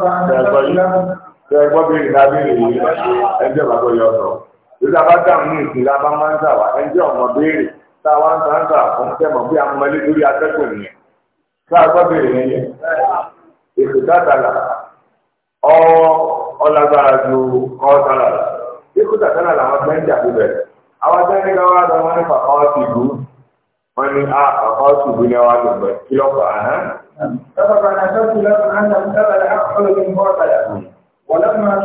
ẹgbọ́n bí ìdábìrì yìí ẹjọ́ bàbá yọ sọ. ìdá bá ìsìn lábá máa ń sàwà ẹjọ́ ọmọ béèrè táwa ń sàǹsà fún tẹ́mọ̀ bí amọ̀lé lórí atẹ́kùn nìyẹn. sáà gbọ́ ọlágbára ju kọ́ọ̀tàlà lọ. Bíkútà tẹ́lá làwọn tó ń jà tó bẹ̀rẹ̀. Àwọn tẹ́lẹ̀ ká wá lọ wọ́n ní pàpà ọ̀sì ìlú. Wọ́n ní a pàpà ọ̀sì ìlú ni wọ́n á lò gbẹ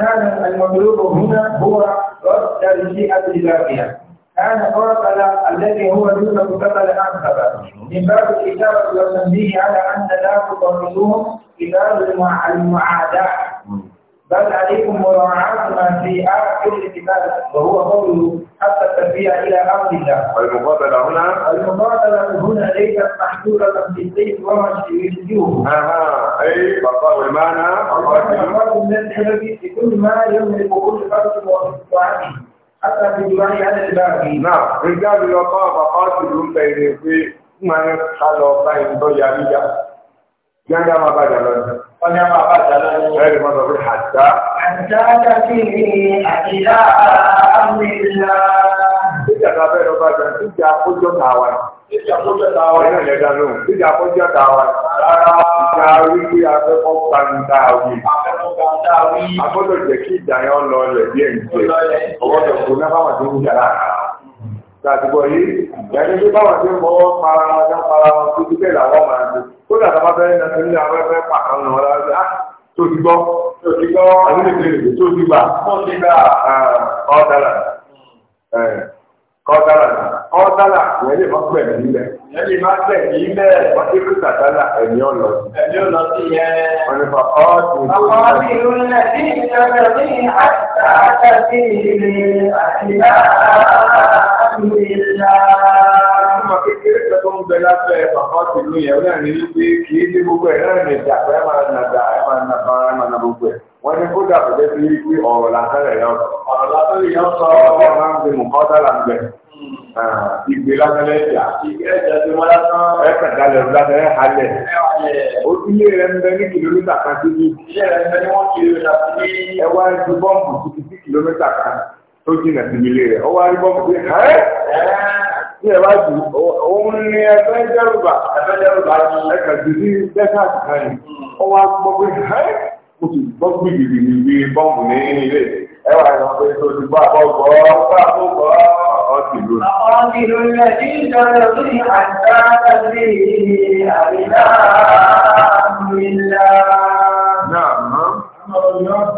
كان المملوك هنا هو رد لشيئة الإلهية كان قاتل الذي هو دون قتل أكثر من باب الإجابة والتنبيه على أن لا تضرسوهم قتال بل عليكم مراعاة ما في آخر الكتاب وهو قوله حتى التربية إلى أمر الله. والمقابلة هنا؟ المقابلة هنا ليست محدودة في بالسيف وما ها أها أي بقاء المعنى بقاء من الحلم في كل ما يملك كل فرد وعبد. حتى في دعاء على الباقي. نعم، رجال الوقاء بقاء الجملة في ما يدخل وقاء يا رجال. Gbẹ́ngà máa bá jà lọ́nà. Wọ́n ní a máa bá jà lọ́nà. Bẹ́ẹ̀ ni wọ́n sọ pé àjá. Àjá kàkí àjìlá àmìlá. Ìjà ta bẹ́ẹ̀ lọ bá jà ìjà àkójọ tàwa. Ìjà àkójọ tàwa. Ẹ̀yìn ọ̀lẹ́ dá lóhùn. Ìjà àkójọ tàwa. Rárá. Ìjà wípé afẹ́kọ́ gbàǹdà wí. Afẹ́kọ́ gbàǹdà wí. Agbọ́dọ̀ jẹ́ kí ìjà yẹn lọ lẹ̀ díẹ̀ níṣẹ́. Ọwọ́dọ̀ kò ná báwọn tó ń jà láàrín láti gbọ́ yìí ìyáni tó bá wà tí ń bọ́ para wọn tán para wọn tó dúpẹ́ làwọn máa dùn kódà tá a bá fẹ́ nàfẹ́ nílẹ̀ àwọn ẹgbẹ́ pàtó ọ̀nà wọn lára á ah, tó ti gbọ́ tó ti gbọ́ àbí lè fi lè tó ti gbà tó ti gbà ọ̀dàlà kọ́dàlà kọ́dàlà yẹn lè má pẹ̀ nílẹ̀ yẹn lè má pẹ̀ nílẹ̀ wọ́n ti fi tàdálà ẹ̀mí ọ̀lọ́ ẹ̀mí ọ̀lọ́ sí yẹn. wọ́n ní fa ọ́ọ̀dù. àwọn ìlú ilẹ̀ tí ìjọba ní àtàkà sí ilé àti láàárín ìlà tó ń bẹ lábẹ́ bàbá ti lú yẹn náà ní wípé kì í dé gbogbo ẹ̀ náà ní ìjà pé ẹ máa nà dà ẹ máa nà bá ẹ máa nà gbogbo ẹ̀ wọ́n ní kó dàbọ̀ jẹ́ sí wípé ọ̀rọ̀ làtẹ́lẹ̀ yẹn sọ. ọ̀rọ̀ làtẹ́lẹ̀ yẹn sọ ọ̀rọ̀ máa ń fi mú kọ́ dàlà ń bẹ̀. ìgbé lásán ẹ̀jà. ìgbé ẹ̀jà ti wọ́n lásán. ẹ pẹ̀dálẹ̀ lásán ẹ̀ halẹ̀. ó ti lé rẹ̀ ń bẹ tó jìnà sí ilé rẹ̀ ọwọ́ arígbọ́n pé ẹ́ ní ẹ̀rọ àjù òun ni ẹgbẹ́ jẹ́rùbà ẹgbẹ́ jẹ́rùbà ẹ̀kà jù sí desert kan ọwọ́ arígbọ́n pé ẹ́ mo sì gbọ́ gbìgbìgbì ní ibi bọ́ǹbù ní ilé ẹwà ìwọ̀n pé tó ti bá bọ́ bọ́ bá bọ́ bọ́ ọtí lónìí. àwọn ìlú ilẹ̀ tí ìjọba lórí àṣà tàbí àrídá ìlà. náà mọ́.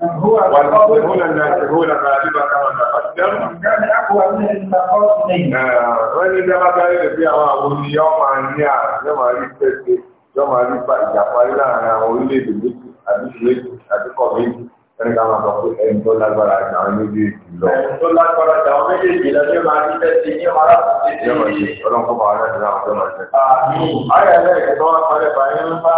والمسلمون الناسهون غالبا كما تقدم wọ́n ní dábàbáyé lè fi àwọn àwọn oníyọ́ máa ní àrùn yóò máa rí pẹ́ẹ́sì yóò máa rí ìjàpá láàárín àwọn orílẹ̀-èdè méjì àbí méjì àbí kọ̀ méjì ẹni ká máa sọ pé ẹni tó lágbára ju àwọn méjèèjì lọ. ẹni tó lágbára ju àwọn méjèèjì lọ ní máa ní bẹ́ẹ̀ ti ní ọ̀rá tó ti di. yọ̀ọ̀ ṣe ọlọ́run kó máa rẹ̀ láwọn tó máa ṣe. àmì ayọ̀ ẹlẹ́yìn tó wọ́n parẹ́ báyìí ń bá.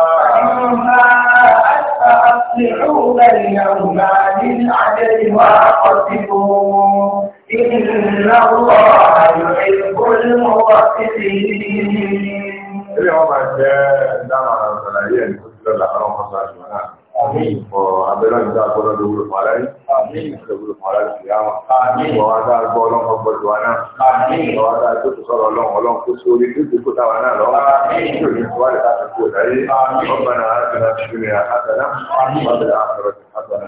أصلحوا بينهما بالعدل وأقسطوا إن الله يحب المقسطين. Ilé wọn máa jẹ́ dáhùn àwọn ọ̀sán ayé ẹni tó ti lọ́la ọlọ́run mọ́ṣáájú náà abẹ́rẹ́ ìjọ agbọ́dọ̀ tó wúlò fara rí tó wúlò fara rí sí àwọn ìwọ̀wá tá a gbọ́ ọlọ́run ọgbọ́dọ̀ wa náà ìwọ̀wá tá a tó tó sọ̀rọ̀ ọlọ́run ọlọ́run kó sórí tó ti kó táwa náà lọ́wọ́ tó ní wà lè láti kó dáyé ọgbà náà láti láti fi rìn àkàtàná wà bẹ̀rẹ̀ àkàrọ̀ àkàtàná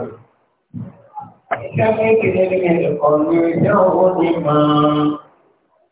tó Ìjọba ìgbìyànjú ẹ̀kọ́ ní ọjọ́ òní máa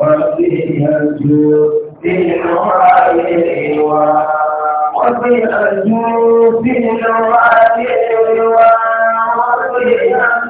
وفيها الجود في نوائه وفيها الجود في نوائه وفيها